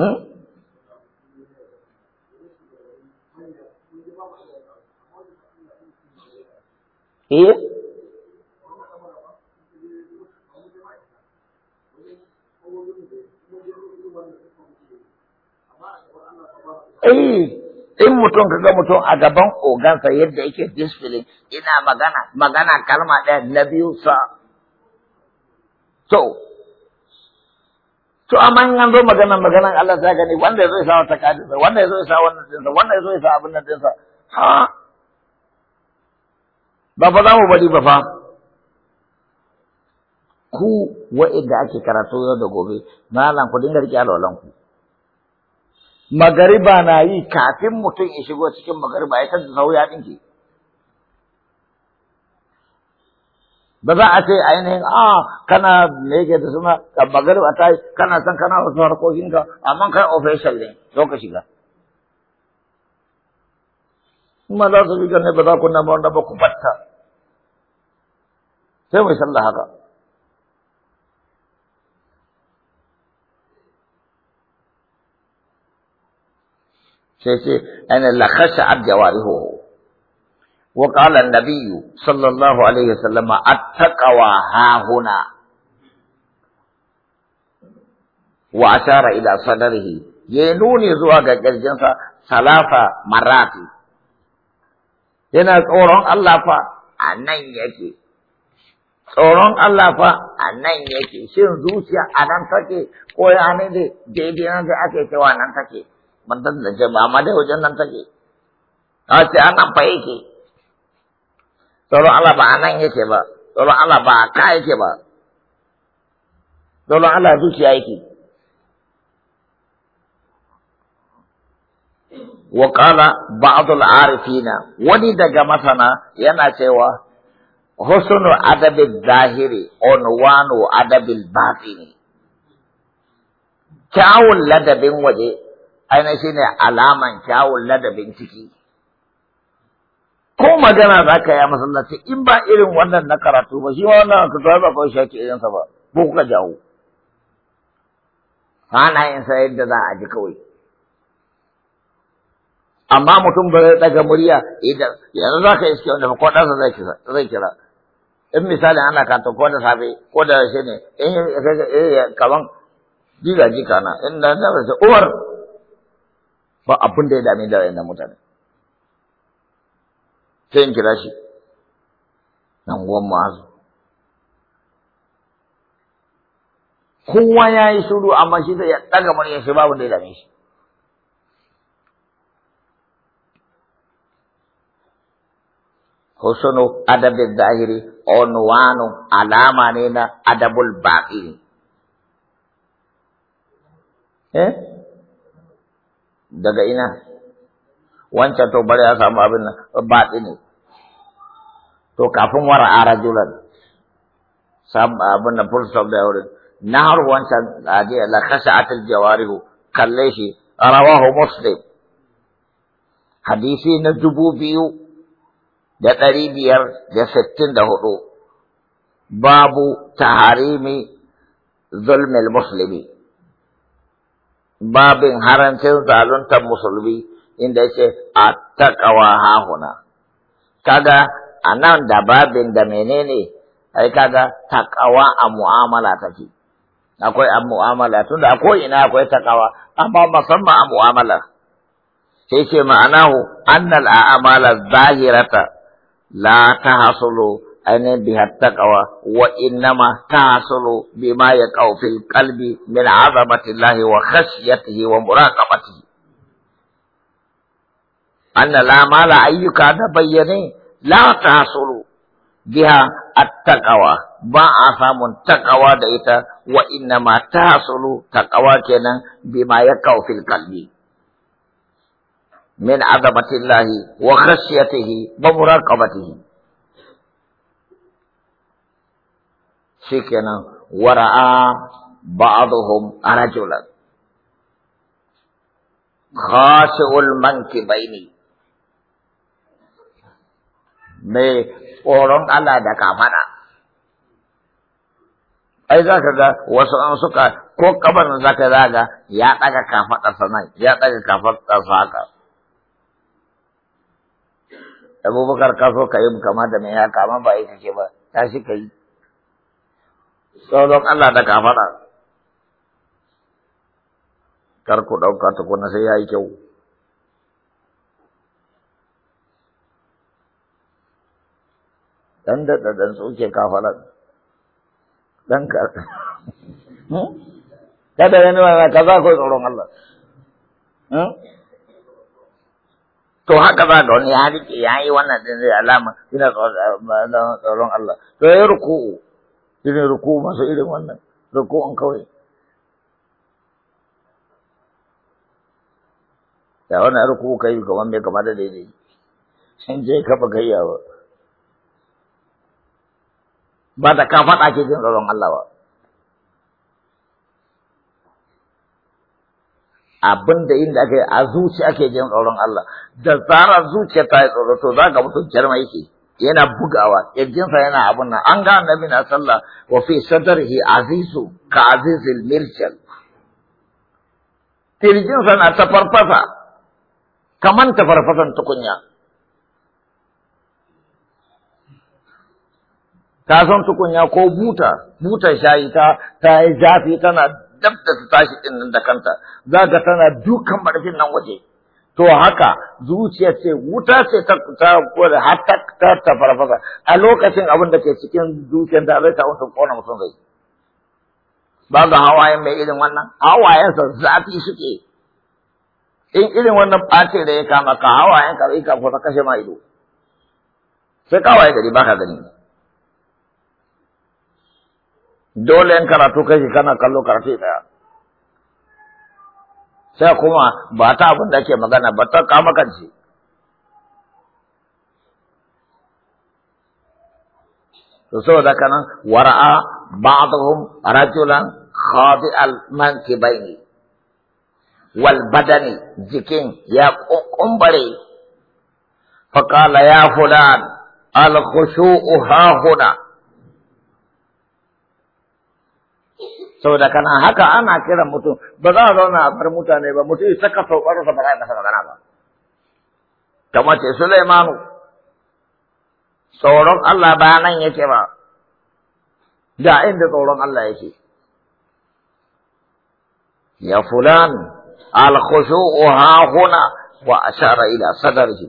hmm? eh Eh, in mutum kaga mutum a gaban ogansa yadda yake disfilin ina magana magana kalma ɗaya na biyu sa to to amma in an zo magana maganan Allah ta gani wanda ya zo ya sa wata kadinsa wanda ya zo ya sa wannan dinsa wanda ya zo ya sa abin nan dinsa ha ba fa za mu bari ba fa ku wa'inda ake karatu yau da gobe malam ku dinga rike alwalan ku magariba na yi kafin mutum ya shigo cikin magariba ya kanta sauya ɗinki. Ba za a ce ainihin a ah, kana me da suna magariba ta yi kana san kana wasu harkokinka amma kai official ne lokaci ka shiga. ma za su bi ganne ba za ku na wanda ba ku batta sai mai sallah haka sai ce ana la khasha'at jawarihu وقال النبي صلى الله عليه وسلم التقوى ها هنا وأشار إلى صدره ينوني زواج الجنس ثلاث مرات yana tsoron Allah fa a nan yake tsoron Allah fa a nan yake shin zuciya a nan take ko ya ne da daidai nan da ake cewa nan take da ce ba amma dai wajen nan take a ce a nan fa yake tsoron Allah ba a nan yake ba tsoron Allah ba a ka yake ba tsoron Allah zuciya yake wa qala ba'dul arifina wani daga masana yana cewa husnu adabil zahiri unwanu adabil batini kyawun ladabin waje aina shine alaman kyawun ladabin ciki ko magana za ka yi masallaci in ba irin wannan na karatu ba shi ma wannan ka zuwa ba kawai shaki sa ba ko kuka jawo na yin sai da za a ji kawai amma mutum ba zai daga murya idan yanzu za ka iske wanda ko ɗansa zai kira in misali ana kanta ko da safe ko da shi ne in eh, kaman jiga jika na in da na sai uwar ba abin da ya dami da wayannan mutane sai in kira shi nan uwan ma'azu kowa ya yi shiru amma shi zai ya ɗaga murya shi babu da ya dame shi husnu adabin zahiri unwanu alama ne na adabul baƙi eh daga ina wancan to bari a samu abin nan baɗi ne to kafin wara a rajulan sab abin nan full stop da na nahar wancan adi la khasha'atil jawarihu kalle shi rawahu muslim hadisi na dubu biyu da ɗari biyar da sittin da hudu babu taharimi zulmil musulmi babin harancin zaluntar musulmi inda yake a taƙawa hahuna kaga a nan da babin da menene ai kaga taƙawa a mu'amala take akwai a mu'amala tunda a ina akwai taƙawa amma musamman a mu'amala sai ce ma'anahu annal a'amala zahirata لا تحصل أن بها التقوى وإنما تحصل بما يقع في القلب من عظمة الله وخشيته ومراقبته أن لا مال أيك بيني لا تحصل بها التقوى ما أفهم samun ديتا وإنما تحصل تقوى كنا بما يقع في القلب من عظمة الله وخشيته ومراقبته شكنا ورأى بعضهم رجلا خاشع المنكبين mai tsoron Allah da kamana. Ai za ka ga wasu an suka ko kabarin za ka zaga ya ɗaga kafaɗarsa nan ya ɗaga kafaɗarsa haka. abubakar ka so ka yi kama da mai haka amma ba yi kake ba shi ka yi sauran Allah da ka faɗa kar ku ɗauka tukuna sai ya yi kyau dan da dan ka kafaran dan ka hmm? kada ne ma kaza ko tsoron Allah hmm? to haka za ga wani ya rike ya yi wannan din zai alama ina tsoron Allah to ya ruku'u irin ruku'u masu irin wannan ruku'un kawai da wannan ruku'u kai kamar mai kama da daidai sun je ka ba gayya ba ba da ka faɗa ke jin tsoron Allah ba abin da inda ake a zuci ake jin tsoron Allah da zarar zuciya ta yi tsoro to za ka mutu jarma yake yana bugawa kirjinsa yana abin nan an ga annabi na sallah wa fi sadrihi azizu ka azizil mirjal kirjinsa na ta farfasa kaman ta farfasan tukunya Ta san tukunya ko buta buta shayi ta ta yi zafi tana dab da ta tashi din nan da kanta za ga tana dukan marfin nan waje to haka zuciya ce wuta ce ta ta kore har ta ta ta farfasa a lokacin abin da ke cikin zuciyar da zai ta wuce kona mutum zai ba ga hawaye mai irin wannan hawayensa zafi suke in irin wannan ɓace da ya kama ka hawayen ka zai ka kashe ma ido sai kawai gari ka gani dole in karatu kai kana kallo karatu daya sai kuma ba ta abin da ake magana ba ta kama kanci to da kana wara'a ba'dhum rajulan khadi'al mankibaini wal badani jikin ya kumbare faqala ya fulan al khushu'u ha huna saboda kana haka ana kiran mutum ba za a zauna a bar mutane ba mutum ya saka saukarsa ba za a magana ba kamar ce Sulaimanu tsoron Allah ba nan yake ba da inda tsoron Allah yake ya fulan al-khushu'u ha huna wa ashara ila sadrihi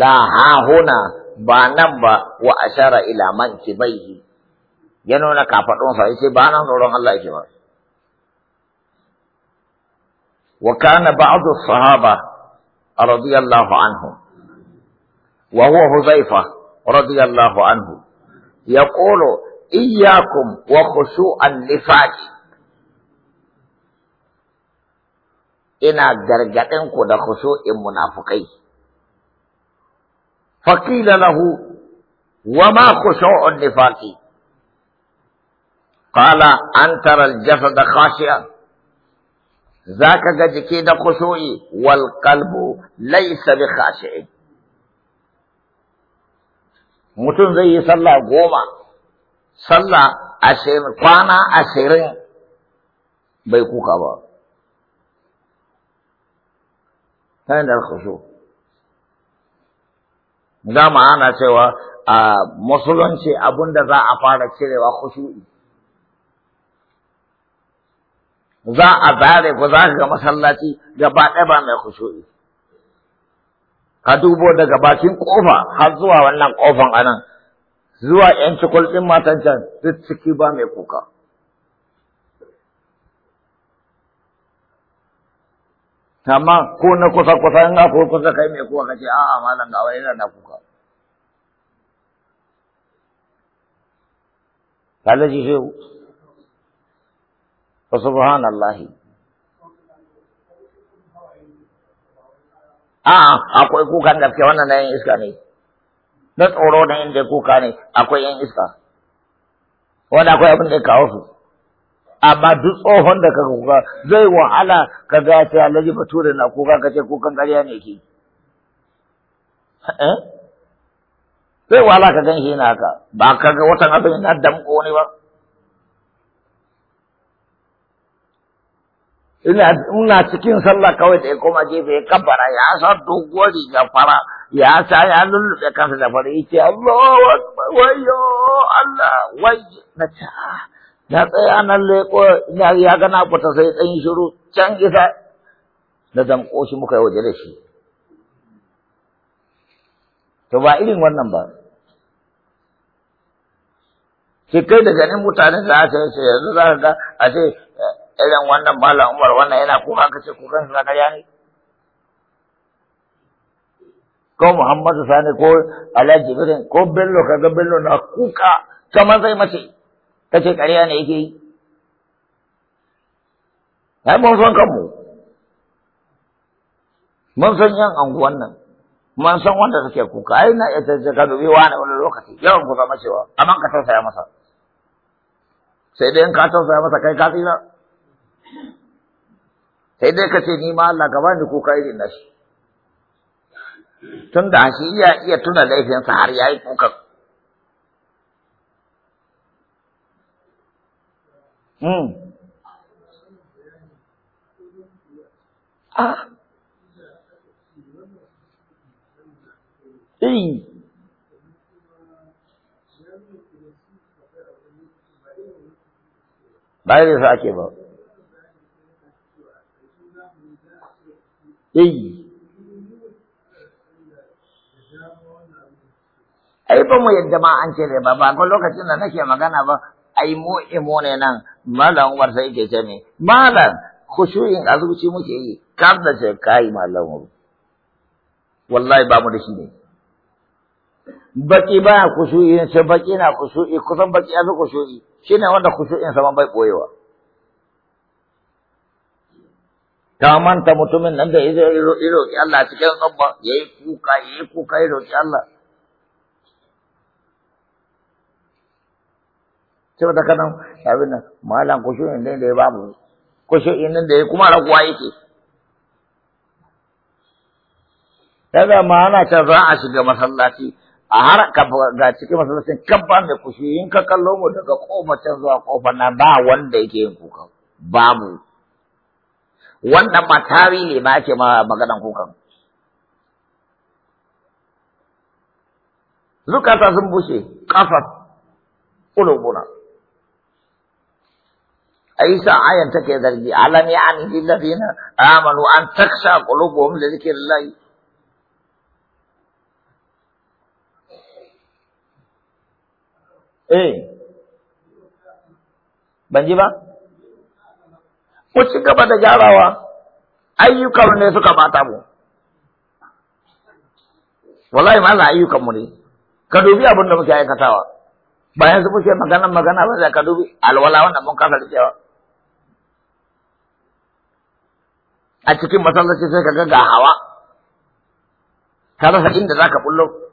la ha huna ba nan ba wa ashara ila man kibaihi ya nuna kafaɗunsa ya ce ba nan tsoron Allah yake ba wa kana ba'd as-sahaba radiyallahu anhu wa huwa huzaifa radiyallahu anhu Ya yaqulu iyyakum wa an nifaqi ina gargaɗin ku da in munafukai فقيل له وما خشوع النفاق قال ان ترى الجسد خاشيا ذاك كيد خشوعي والقلب ليس بخاشئ متن زي صلى قوما صلى اشير قانا اشير بيكوكا بار هذا الخشوع zama ana cewa a musulunci abunda za a fara cirewa khushu'i za a zare ku za ga masallaci gaba ɗaya ba mai khushu'i ka dubo daga bakin kofa har zuwa wannan kofan anan zuwa yan cikul matan can duk ciki ba mai kuka amma ko na kusa kusa in ga kusa kai mai kuka kace a'a malam ga wai na kuka kaga ji shehu fa subhanallahi a'a akwai kukan gaske wannan na yan iska ne na tsoro na inda kuka ne akwai yan iska wanda akwai abin da ya kawo su amma duk tsohon da ka kuka zai wahala ka ga ta alhaji bature na kuka ka ce kukan ƙarya ne ke sai wala ka gan shi ba ka ga watan azumi na damko ne ba ina ina cikin sallah kawai da ya koma gefe ya kabbara ya sa doguwar riga fara ya sa ya lulluɓe kansa da fara yace Allahu akbar wayo Allah wai na ta ah, na tsaya nan leko ina ya gana fita sai dan shiru can isa na damko shi muka yi waje da shi to ba irin wannan ba ki kai da ganin mutane da aka yi yanzu za ka ga a ce eh, irin wannan malam umar wannan yana kuka haka ce ko sa zaka ne ko muhammadu sani ko alhaji ibrahim ko bello ka ga bello na kuka kamar zai mace ka ce karya ne yake yi ai mun san kanmu mun san yan anguwan nan mun san wanda take kuka ai na ita ce ka bi wani wani lokaci yawan ku zama cewa amma ka tausaya masa sai dai in ka tausaya masa kai ka tsira sai dai ka ce ni ma Allah ka bani kuka irin nashi tun da shi iya iya tuna laifinsa har yayi kuka hmm ah eh ba yi su ake ba eh ai ba mu yadda ma an cire ba ba ko lokacin da nake magana ba ai mu imo ne nan malam Umar sai yake ce ne malam khushu'in azuci muke yi kar da ce kai malam wallahi ba mu da shi ne baki baya kushu'i ne sai baki na kushu'i kusan baki ya fi shi shine wanda kushu'in sa bai koyewa ta manta mutumin nan da ya roƙi Allah cikin tsabba ya yi kuka ya yi kuka ya roƙi Allah sai wata kanan abin nan malam kushu'in ne da ya babu kushu'in nan da ya kuma raguwa yake Yadda ma ana can za a shiga masallaci a har ga cikin masallacin kabba mai kushi in ka kallo mu daga kofa can zuwa kofa na ba wanda yake yin kuka babu wanda ma ne ma ake ma maganan kukan zukata sun bushe a yi Aisha ayan take zargi alam ya an lillazina amanu an taksha da li dhikrillah eh ban ji ba ku ci gaba da gyarawa ayyukan ne suka bata mu wallahi ma la ayyukan mu ne ka dubi abin da muke aikatawa bayan su muke magana magana ba za ka dubi alwala wannan mun kasa da cewa a cikin masallaci sai ka ga ga hawa ka rasa inda za ka bullo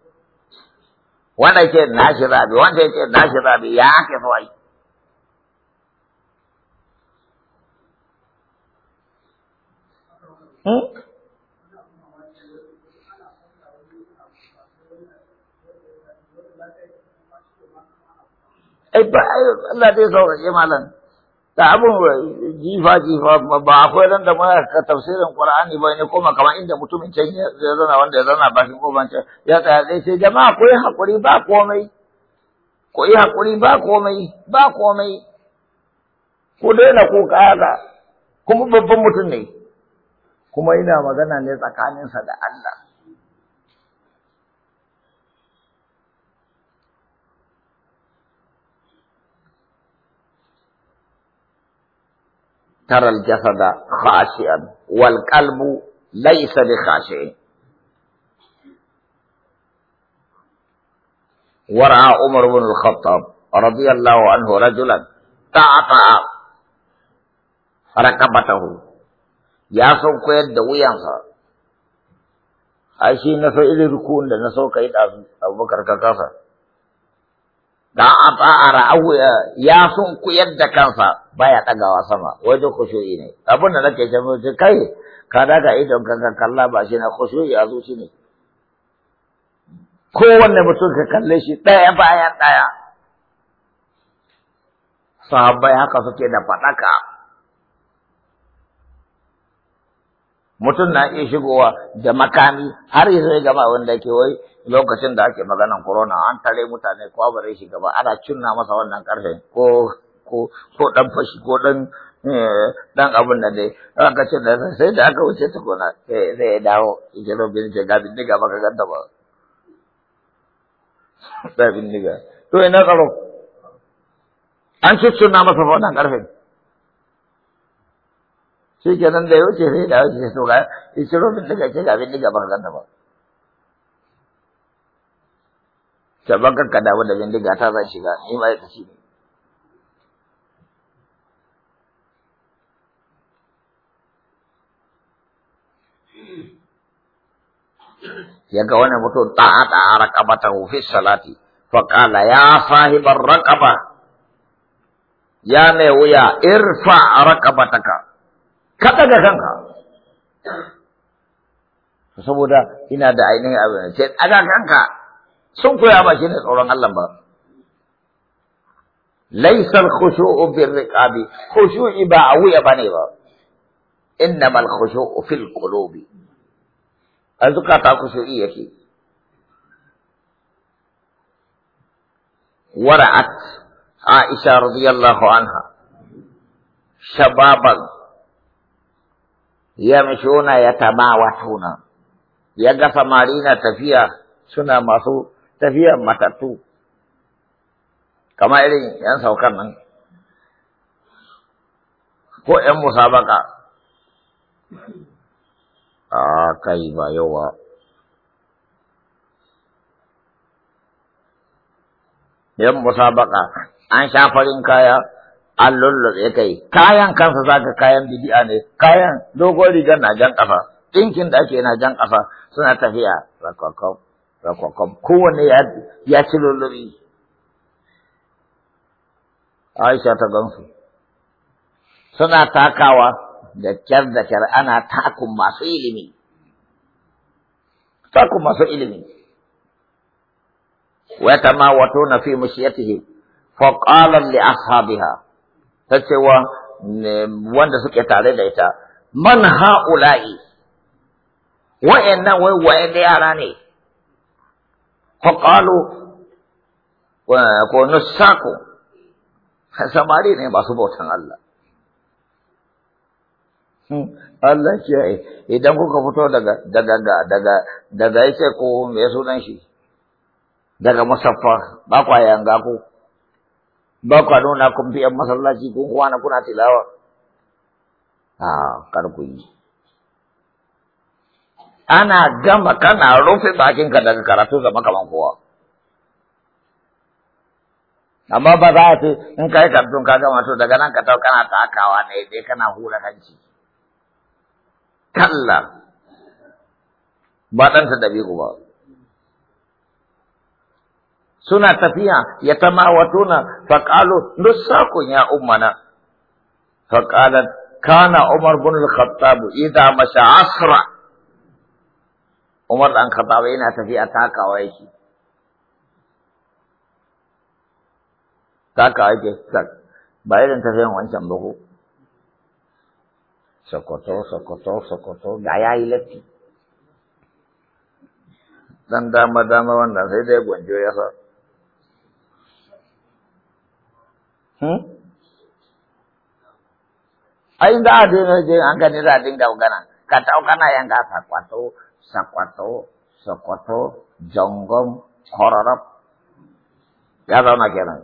wanda yake na shi zabi wanda yake na shi zabi ya ake so hmm? ai Eh ba ai Allah zai saurare malam da abin jifa jifa ba akwai ran da muna ka tafsirin ƙwar'ani ba ne kuma kamar inda mutumin can ya zana wanda ya zana bakin kofan can ya tsaya sai sai jama'a ko yi hakuri ba komai ko yi hakuri ba komai ba komai ko daina ko kaga kuma babban mutum ne kuma ina magana ne tsakaninsa da Allah ترى الجسد خاشئا والقلب ليس بخاشئ ورعى عمر بن الخطاب رضي الله عنه رجلا تعطى ركبته يا سوق يد ويانسا أي شيء نسوي إذا ركون لنسوق يد أبو بكر كاسا da a ta'ara eh, ya sun kuyar da kansa baya ɗagawa sama wai wajen khushu'i ne abin da nake ce mai kai ka daga idon kanka kalla ba shi na khushu'i a zuci ne kowanne mutum ka kalle shi ɗaya bayan ɗaya sahabbai haka suke da faɗaka mutum na iya shigowa da makami har yi zai gama wanda ke wai lokacin da ake maganan corona an tare mutane ko rai shiga ba ana cinna masa wannan karfe ko ko ko dan fashi ko dan dan eh, abun da ne aka ce da sai da aka wuce tukuna eh, sai sai dawo ije ro bin ce gabi diga baka ganta ba da bin diga to ina tsaro an cinna masa wannan karfe shi kenan da ya wuce sai da wuce to ga ya ciro min daga ce ga bin diga ba zan ba saban kanka da bindiga ta zan shiga ni ma ne ya ga wani mutum ta'a ta'a raqabata fi salati fa qala ya sahibar raqaba ya mai wuya irfa raqabataka kaga ga kanka saboda ina da ainihin abu ne aga kanka sun koya ba shi ne tsoron Allah ba ليس الخشوع بالرقاب خشوع با اوي بني با انما الخشوع في القلوب ازكى تاكو يكي ورعت عائشه رضي الله عنها شبابا yamshuna ya ga samari na tafiya suna masu tafiya matattu kama irin yan saukan nan ko yan musabaka a kai ba yawa yan musabaka an sha farin kaya an lullutse kai kayan kansa zaka kayan bidi'a ne kayan dogon rigar na jan kafa ɗinkin da ake na jan kafa suna tafiya rakwakwam rakwakwam kowanne ya ya ci lullubi Aisha ta gansu suna takawa da kyar da kyar ana takun masu ilimi takun masu ilimi wato na fi mushiyatihi fa qala li ashabiha ta cewa wanda suke tare da ita man ha'ula'i wa'annan wai waye da yara ne faƙalo ko nusako samari ne masu bautan Allah hmm, Allah ai idan kuka fito daga daga daga daga yace ko me sunan shi daga musaffa ba kwa yanga ko ba kwa nuna kun fi ‘yan masallaci kun kwana kuna tilawa. A kar yi. Ana gama kana rufe bakinka daga karatu zama kaman kowa. Amma ba za a ce in ka yi karatun ka gama to daga nan ka tau kana takawa ne dai kana hura hanci. Kalla ba ɗanta ɗabi'u ba. suna tafiya ya tamawatuna faƙalo sakon ya ummana faƙalar kana umar bin al-khattab idza masha asra umar dan khattab yana tafiya ta takawa yake takawa yake ba irin tafiyan wancan ba ko sokoto sokoto sokoto ga yayi latti dan dama dama wannan sai dai gwanjo ya sa Hmm? ai za a daina je an gani da a dinga magana ka tau kana yanka sakwato sakwato sakwato jonggom, kororop. ya zauna kenan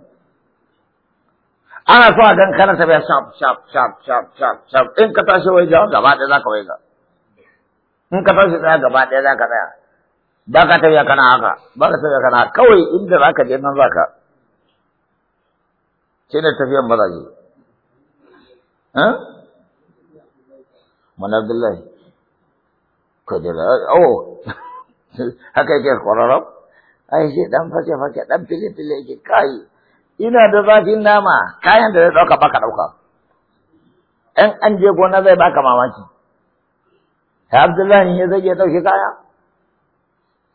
ana so a gan kana tafiya shaf shaf shaf shaf shaf shaf in kata tashi wai jawo gaba ɗaya za ka wai ga in ka tashi tsaya gaba ɗaya za ka tsaya ba ka tafiya kana haka ba ka tafiya kana kawai inda za ka je nan za ka shi tafiya tafiyan mazaje eh? mana abdullahi kajira oh haka yake kwararrab ai shi dan fashe fashe dan fili fili yake kai ina da zafin nama kayan da zai dauka baka dauka in an je gona zai baka mamaki sai abdullahi ya zai ya dauki kaya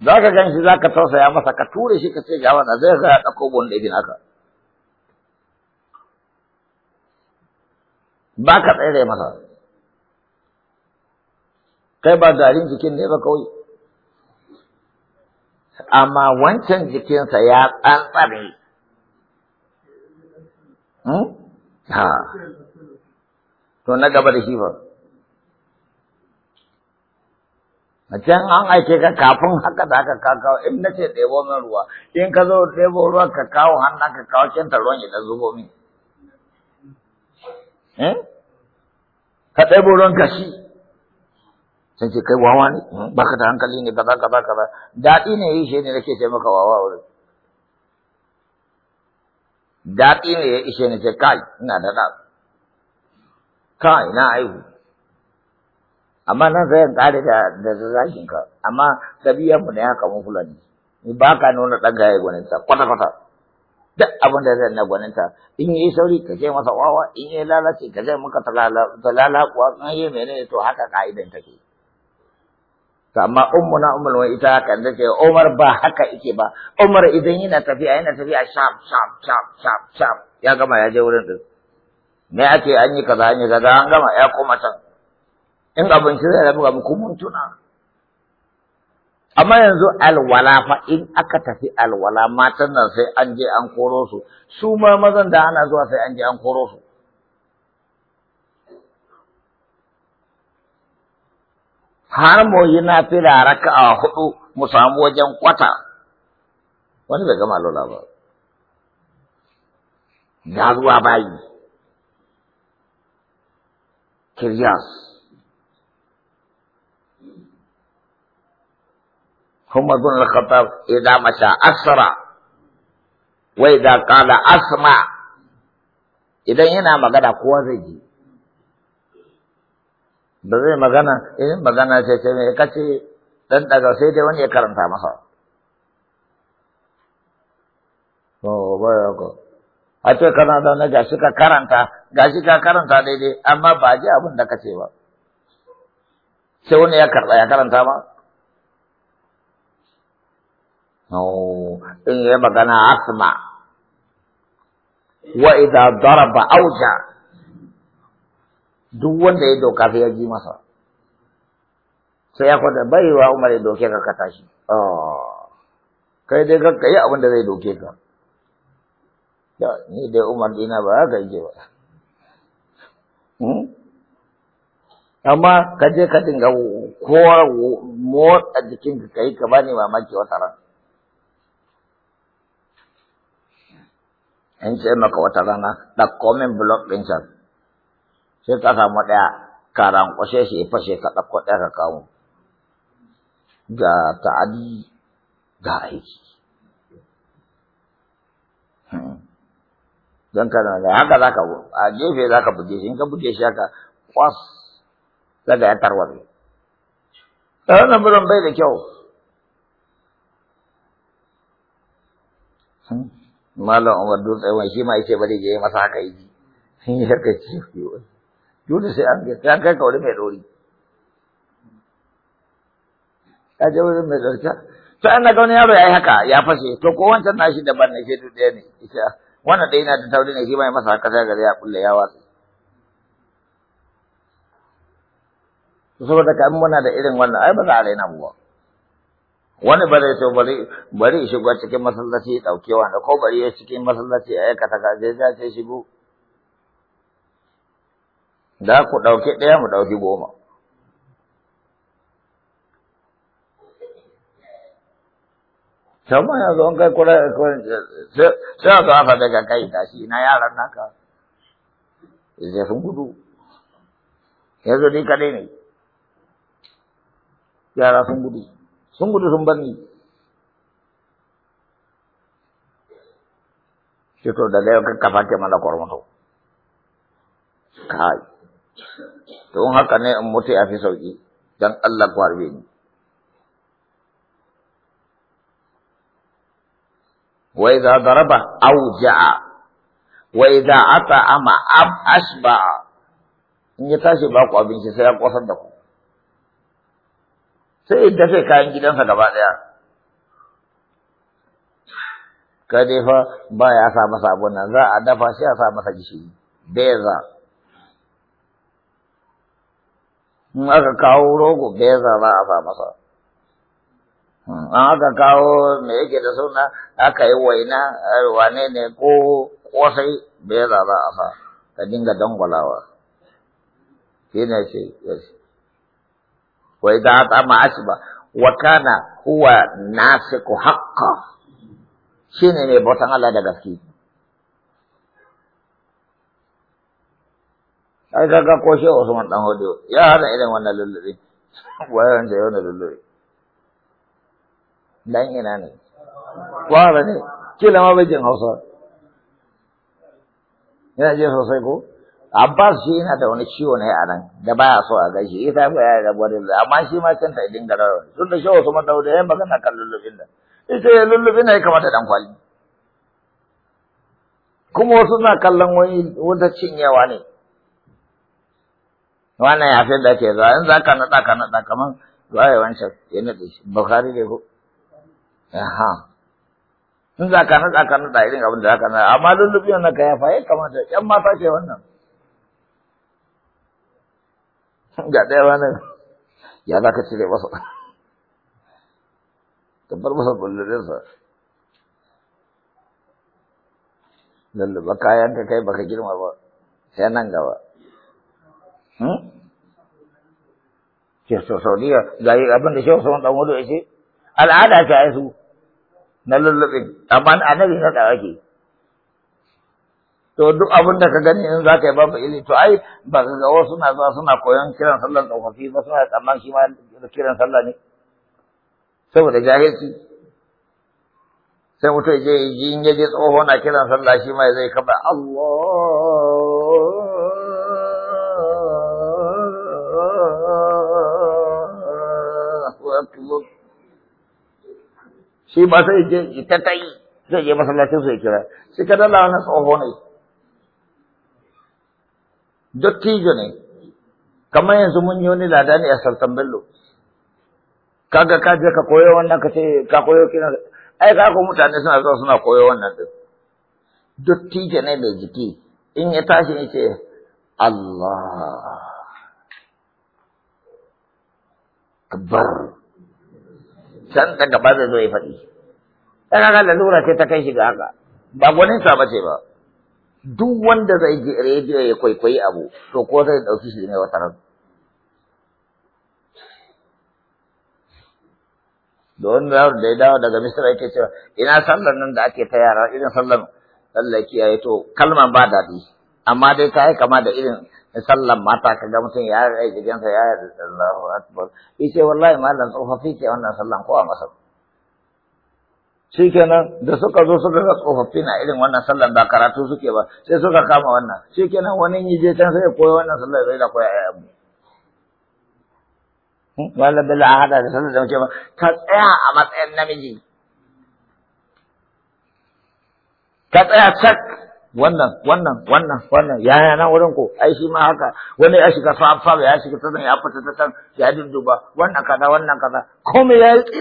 za ka gan shi za ka tausaya masa ka ture shi ka ce ga wannan zai ga ɗauko gwanda ibin haka ba ka tsere masa kai ba garin jikin ne ba kawai amma wancan jikinsa ya tsantsare hmm? ha to na gaba da shi ba a can an aike ka kafin haka da haka kawo in na ce ɗebo min ruwa in ka zo ɗebo ruwa ka kawo hannu ka kawo kinta ruwan ya zubo min eh ka ɗaibo ruwan kashi sun ce kai wawa ne hmm, ba ka da hankali ne kaza kaza kaza daɗi ne yi shi ne nake ce maka wawa wuri daɗi ne ya ishe ne ce kai ina da ɗa kai na aihu amma nan sai in da da zakin ka amma ɗabi'ar mu ne haka mun fulani ni ba ka nuna ɗan gaya gwanin ta kwata kwata duk abin da zai na gwaninta in yi sauri ka ce masa wawa in yi lalace ka zai maka lalakuwa, in yi mene to haka ka'idan take to amma na ummul wa ita haka da ce Umar ba haka ike ba Umar idan yana tafiya yana tafiya shaf shaf shaf shaf shaf. ya gama ya je wurin din me ake an yi kaza an yi kaza an gama ya koma can in abinci zai rabu ga mu kun tuna amma yanzu alwala fa in aka tafi alwala matan nan sai an je an koro su su ma mazan da ana zuwa sai an je an koro su har mu yi na fila raka'a hudu mu samu wajen kwata wani bai gama lola ba ya zuwa bayi kiryas عمر بن الخطاب إذا مشى أسرع وإذا قال أسمع إذا هنا مغنى قوة زي ce إذا مغنى سيسمي كتي تنتقى سيدي ya karanta مصر Oh, baya ka. A ce kana da na gashi ka karanta, gashi ka karanta daidai, amma ba ji abin da ka ce ba. Sai wani ya karɓa ya karanta ba. Oh, in yi magana asma wa idza daraba auja duk wanda oh. ya doka sai ya ji masa sai ya kwada wa umar ya doke ka ka tashi kai dai ka yi abin da zai doke ka ni dai umar dina ba haka yake ba amma ka je ka dinga kowa motsa jikinka ka yi ka bani mamaki wata ran in ce maka wata rana ɗauko min blok ɗin can sai ka samu ɗaya ka rankwashe shi ya fashe ka ɗauko ɗaya ka kawo ga ta'adi ga aiki don kana da haka za ka a gefe za ka buge shi in ka buge shi haka kwas daga ya tarwatsa wannan burin bai da kyau malam Umar dutse mai shi ma yake bari yayi masa haka yi sun yi haka ce dole sai an ga ta kai kawai mai dori ta je wurin mai tsarka to an ga wani yaro yi haka ya fashe to ko wancan nashi daban ne shi duk ɗaya ne ah, wannan ɗaya yana da tauri ne shi ma masa haka sai gari ya kulle ya watsa saboda ka muna da irin wannan ai ba za a raina mu ba wani ba zai to bari bari shiga cikin masallaci daukewa da ko bari ya cikin masallaci ya aikata ka zai za ta shigo da ku dauke daya mu dauki goma sama ya zo kai kula sai ka haka daga kai ta shi na yaran naka zai sun gudu yanzu ni kadai ne yara sun gudu sun gudu sun banni shi to daga yau kakka sake mana kwarmato kai don haka ne in mutu ya fi sauki don Allah kwarbe ni wa idza daraba awja'a wa ata ata'ama ab asba'a. in ya tashi ba ku abinci sai ya da ku sai ya dafe kayan gidansa gaba ɗaya ka dai fa ba ya sa masa abun nan za a dafa shi a sa masa gishiri beza in aka kawo rogo beza za a sa masa an hmm, aka kawo me yake da suna aka yi waina eh, wane ne ko kosai beza za a sa ka dinga dangwalawa shi ne ce wa idza atama asba wa kana huwa nasiku haqqan shine ne bautan Allah da gaske ai kaga ko shi Usman dan Hudu ya hada irin wannan lullubi wayan da yana lullubi dan ina ne kwara ne kila ma bajin Hausa yana je sosai ko Abbas shi yana da wani ciwo ne a nan da baya so a gaishe ita ko ya rabu da amma shi ma kanta idin dinga rawa sun da shawo kuma da ya magana kan lullubin da ita ya lullubin ya kamata dan kwali kuma wasu na kallon wani wata cinyewa ne wannan ya fi da ke zuwa in za ka naɗa ka naɗa kaman waye wancan ya naɗe shi bukari ne ko aha in za ka naɗa ka naɗa irin abin da za ka naɗa amma lullubin na ka ya fa ya kamata yan mata ce wannan ga ɗaya ranar ya za ka cire masa tabbar masa bullurinsa lallaba kayan ka kai baka girma ba sai nan gaba hmm? ke so saudiya ga yi abin da shi wasu ɗan wado ya ce al'ada ta yi su na lullubin amma annabi na ɗawa ake. to duk abin da ka gani in za ka yi babu ilimi to ai ba ka ga wasu na zuwa suna koyon kiran sallar tsofaffi ba suna tsamman shi ma da kiran sallah ne saboda jahilci sai mutum je ji in yaje tsoho na kiran sallah shi ma zai kaba Allah shi ba sai je ita ta yi zai je masallacin su ya kira shi ka dala wani tsoho ne dottijo ne kamar yanzu mun yi wani ladani a sartan bello kaga ka je ka koyo wannan ka ce ka koyo kina ai ka ko mutane suna zuwa suna koyo wannan din dottijo ne da jiki in ya tashi ne ce Allah akbar can ta ba zai zo ya faɗi ɗan lalura ce ta kai shi ga haka ba gwaninsa ba ce ba duk wanda zai ji rediyo ya kwaikwayi abu to ko zai ɗauki shi ne wata da wani yaro da ya dawo daga misira yake cewa ina sallar nan da ake ta yara irin sallar sallar kiyaye to kalman ba daɗi amma dai ta yi kama da irin sallar mata ka ga mutum ya yi jikinsa ya yi Allahu akbar yace wallahi malam tsofaffi ke wannan sallan ko a masar shi kenan da suka zo suka ga tsofaffi na irin wannan sallar ba karatu suke ba sai suka kama wannan shi kenan wani yi je can sai ya koya wannan sallar zai da koya a mu wala hmm, bala a hada da sallar da muke ba ka tsaya a matsayin namiji ka tsaya cak wannan wannan wannan wannan yaya na wurin ko ai shi ma haka wani ya shiga fa fa ya shiga ta ya fita ta can ya dinduba wannan kaza wannan kaza komai ya yi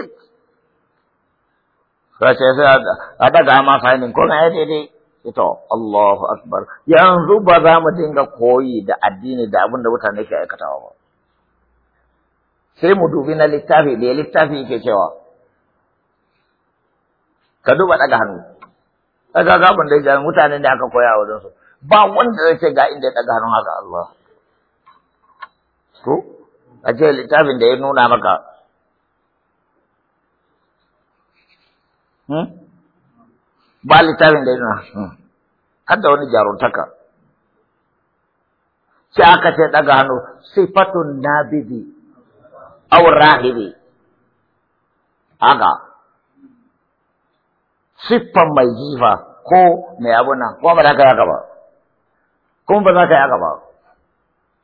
ta ce sai a daga ma sanin ko na dai. Ito Allahu akbar yanzu ba za mu dinga koyi da addini da abin da mutane ke aikatawa ba sai mu dubi na littafi da littafi ke cewa ka duba daga hannu daga gaban da ya mutane da aka koya wajen su ba wanda zai ce ga inda ya daga hannu haka Allah ko a ce littafin da ya nuna maka Hmm? ba littafin da yana hmm. har da wani jaruntaka sai aka ce daga hannu sifatun bibi aw rahibi haka siffan mai jifa ko mai abuna ko ba za ka yi haka ba kuma ba za ka yi haka ba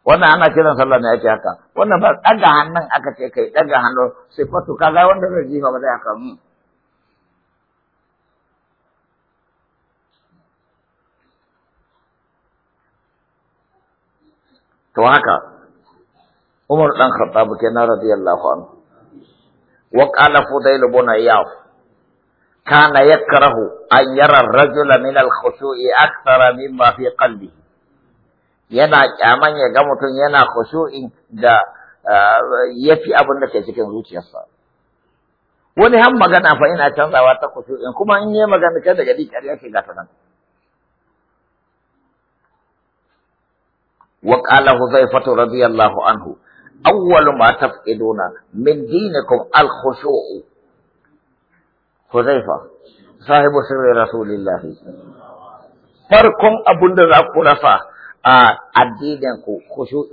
wannan ana kiran sallah ne ake haka wannan ba daga hannun aka ce kai daga hannu sifatu kaga wanda zai jifa ba zai haka hmm. to haka Umar dan Khattab kenan radiyallahu anhu wa qala Fudail ibn Iyad kana yakrahu an yara rajula min al-khushu'i akthara mimma fi qalbi yana kyaman ya ga mutum yana khushu'in da eh, yafi abin da ke cikin zuciyarsa wani han magana fa ina canzawa ta khushu'in kuma in yi magana kai daga dikariya ce ga ta nan وقال حذيفة رضي الله عنه أول ما تفقدون من دينكم الخشوع حذيفة صاحب سر رسول الله فركم أبن ذاك رفا أدينكم خشوع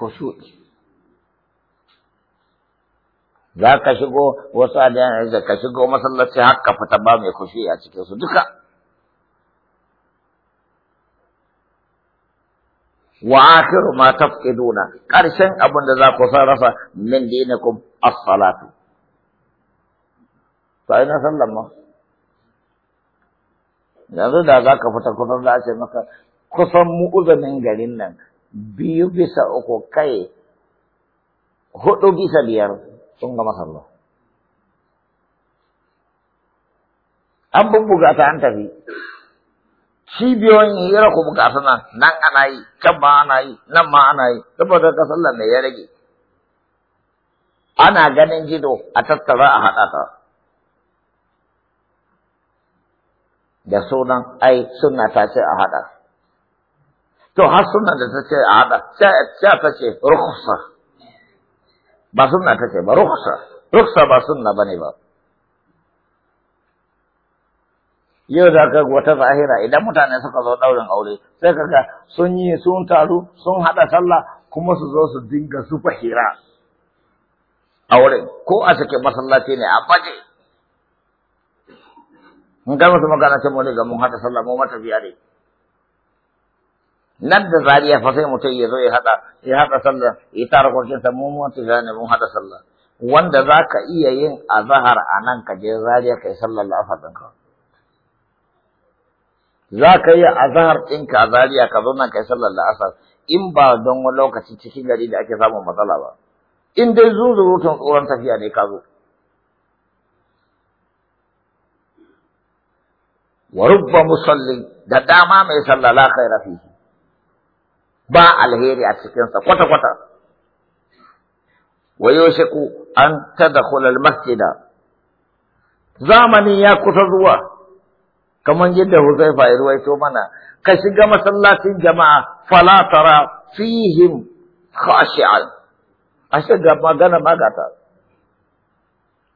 خشوع za ka shigo wasu adiyan da ka shigo masallaci haka fita ba mai kushi a cikinsu duka wa akhiru ma tafqiduna karshen abin da za ku sarrafa min dinakum as-salatu sai na sallama yanzu da za ka fita kusan za a ce maka kusan mu'uzamin garin nan biyu bisa uku kai hudu bisa biyar sun gama sallah an bubbuga ta an tafi cibiyoyin hira ku bukata suna nan ana yi can ma ana yi nan ma ana yi saboda ka sallar ne ya rage ana ganin gido a tattara a haɗa ta da sunan ai suna ta ce a haɗa to har suna da ta ce a haɗa sai ta ce rukusa. ba suna ta ce ba rukusa, rukusa ba suna ba ne ba yau za ka wata zahira idan mutane suka zo ɗaurin aure sai kaga sun yi sun taru sun haɗa sallah kuma su zo su dinga su fahira. aure ko a cikin masallaci ne a baje mun ga musu magana ce mun ga mun hada sallah mu matafiya ne nan da zariya fa sai mutum ya zo ya haɗa ya hada sallah ya tara sa mu matafiya ne mun haɗa sallah wanda za ka iya yin azahar a nan ka je zariya kai sallar la'asar ɗinka. za ka yi azahar ɗinka a zariya ka zo ka kai sallar da asar. in ba don wani lokaci cikin gari da ake samun matsala ba in dai zuzurutun tsoron tafiya ne ka zo wa rubba musallin da dama mai sallah la khaira fihi ba alheri a cikinsa kwata-kwata wa yushiku an tadkhula al-masjida zamani ya kusa zuwa kamar yadda Huzaifa ya ruwaito mana ka shiga masallacin jama'a fala tara fihim khashi'an ashe ga magana magata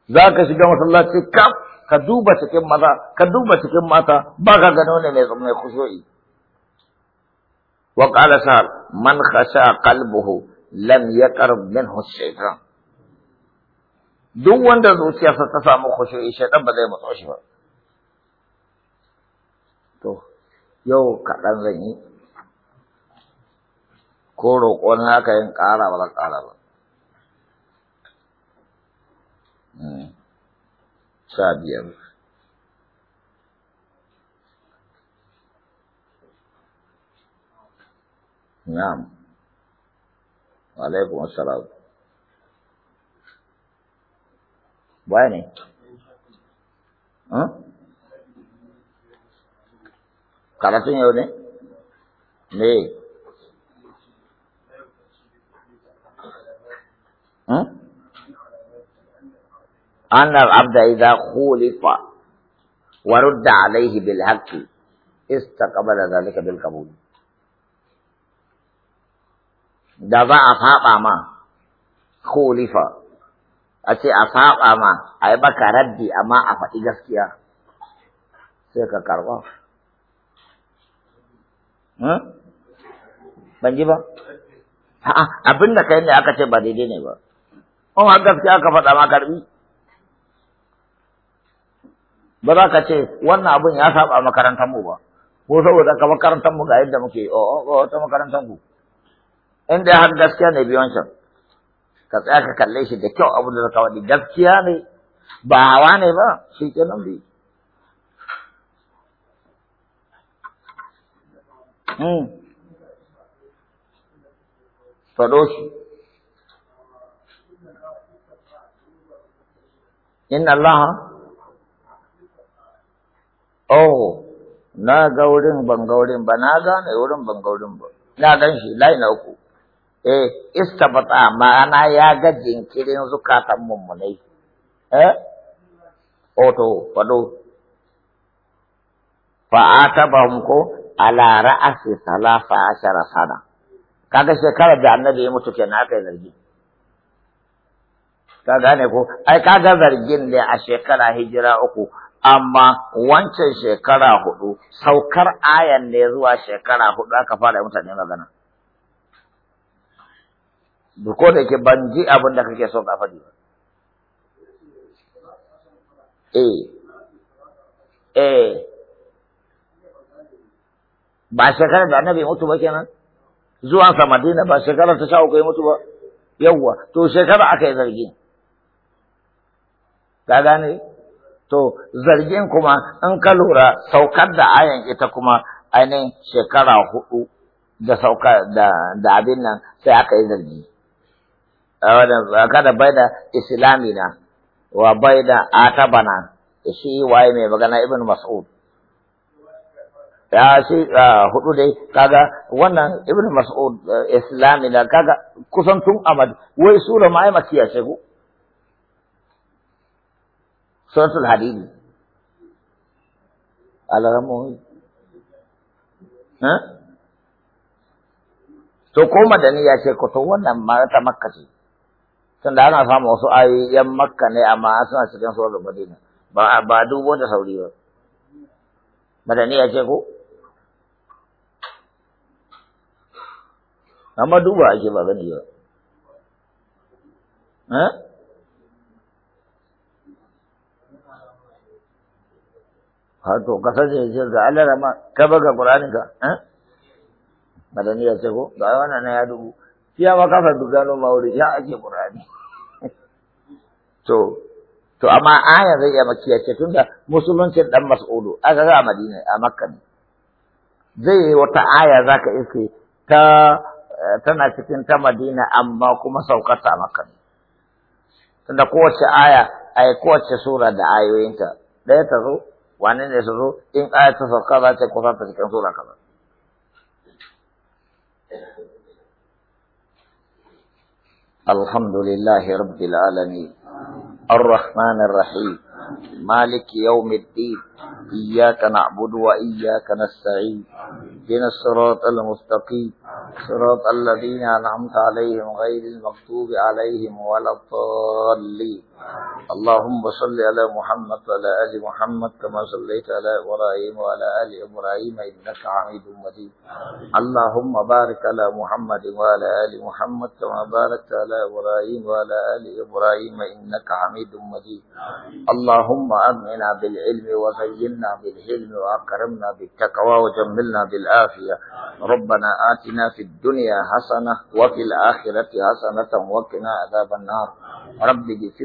za ka shiga masallaci kaf ka duba cikin maza ka duba cikin mata ba ka gano ne mai mai khushu'i wa qala sa'al man khasha qalbuhu lam yaqrab minhu shaytan duk wanda zuciyarsa ta samu khushu'i shaytan ba zai matso shi ba to yau kaɗan zan yi ko na haka yin ƙara ba ƙara ba hmm. sha biyar na'am Alaikun assalam baya ne? Huh? කරතුන් යෝනේ මේ أن العبد إذا خولف ورد عليه بالحق استقبل ذلك بالقبول دفع أصحاب أما خولف أتي أصحاب أما أي بك ردي أما أفا إجاسكيا سيكا كارواف ban ji ba Ha'a abin da kai ne aka ce ba daidai ne ba oh har gaskiya aka faɗa ma karbi ba za ka ce wannan abin ya saba makarantar mu ba ko saboda ka makarantar mu ga yadda muke o oh, oh, oh, ta makarantar ku inda har gaskiya ne biyan shan ka tsaya ka kalle shi da kyau abin da ka wadi gaskiya ne ba hawa ne ba shi kenan biyu Hmm. Faɗo shi. Inna Allah Oh, na ga wurin ban ga wurin ba, na gane wurin ban ga wurin ba, na gan shi layi na uku. Eh, ta ma'ana ya ga jinkirin zukatan mummunai. Eh? Oto, faɗo. Fa'ata ba ko ala ra'asi salafa ashara sana kaga shekarar da annabi ya mutu kenan aka yi zargi ka gane ko ai kaga zargin ne a shekara hijira uku amma wancan shekara hudu saukar ayan ne zuwa shekara hudu aka fara mutane magana duko da yake ban ji abin da kake so ka faɗi eh eh ba shekarar da annabi mutu ba kenan zuwa sa madina ba shekarar ta sha uku mutu ba yawwa to shekara aka yi zargi ka gane to zargin kuma in ka lura saukar da ayan ita kuma ainihin shekara hudu da sauka da da abin nan sai aka yi zargi kada bai da islami na wa bai da atabana shi waye mai magana ibn mas'ud ya shi hudu dai kaga wannan Ibn mas'ud eh, islami da kaga kusan tun amad wai sura ma ai makiya ce go suratul hadidi alaramu ha to ko madani ya ce ko to wannan mata makka ce da ana samu wasu ayoyi yan makka ne amma suna cikin suratul madina ba ba dubo da sauri ba madani ya ce ko Nama dua ake ba gani Ha? ha to kasance je ga Allah rama ka baga Qur'anin ka eh madani ya ce ko ga wannan na ya dubu siya ma kafa dugano mauri ya ake Qur'ani to to amma aya zai iya makiya ce tunda musuluncin dan mas'udu aka ga a Madina a Makka ne zai wata aya zaka iske ta tana cikin ta Madina amma kuma saukarta a Makka tunda kowace aya ai kowace sura da ayoyinta ɗaya ta zo wani ne su zo in aya ta sauka za ta kusa ta cikin sura kaza الحمد لله رب العالمين الرحمن الرحيم مالك يوم الدين wa نعبد وإياك اهدنا الصراط المستقيم صراط الذين أنعمت عليهم غير المغضوب عليهم ولا الضالين اللهم صل على محمد وعلى آل محمد كما صليت على إبراهيم وعلى آل إبراهيم إنك حميد مجيد اللهم بارك على محمد وعلى آل محمد كما باركت على إبراهيم وعلى آل إبراهيم إنك حميد مجيد اللهم أمننا بالعلم وزينا بالحلم وأكرمنا بالتقوى وجملنا بالعافية ربنا آتنا في الدنيا حسنة وفي الآخرة حسنة وقنا عذاب النار رب اغفر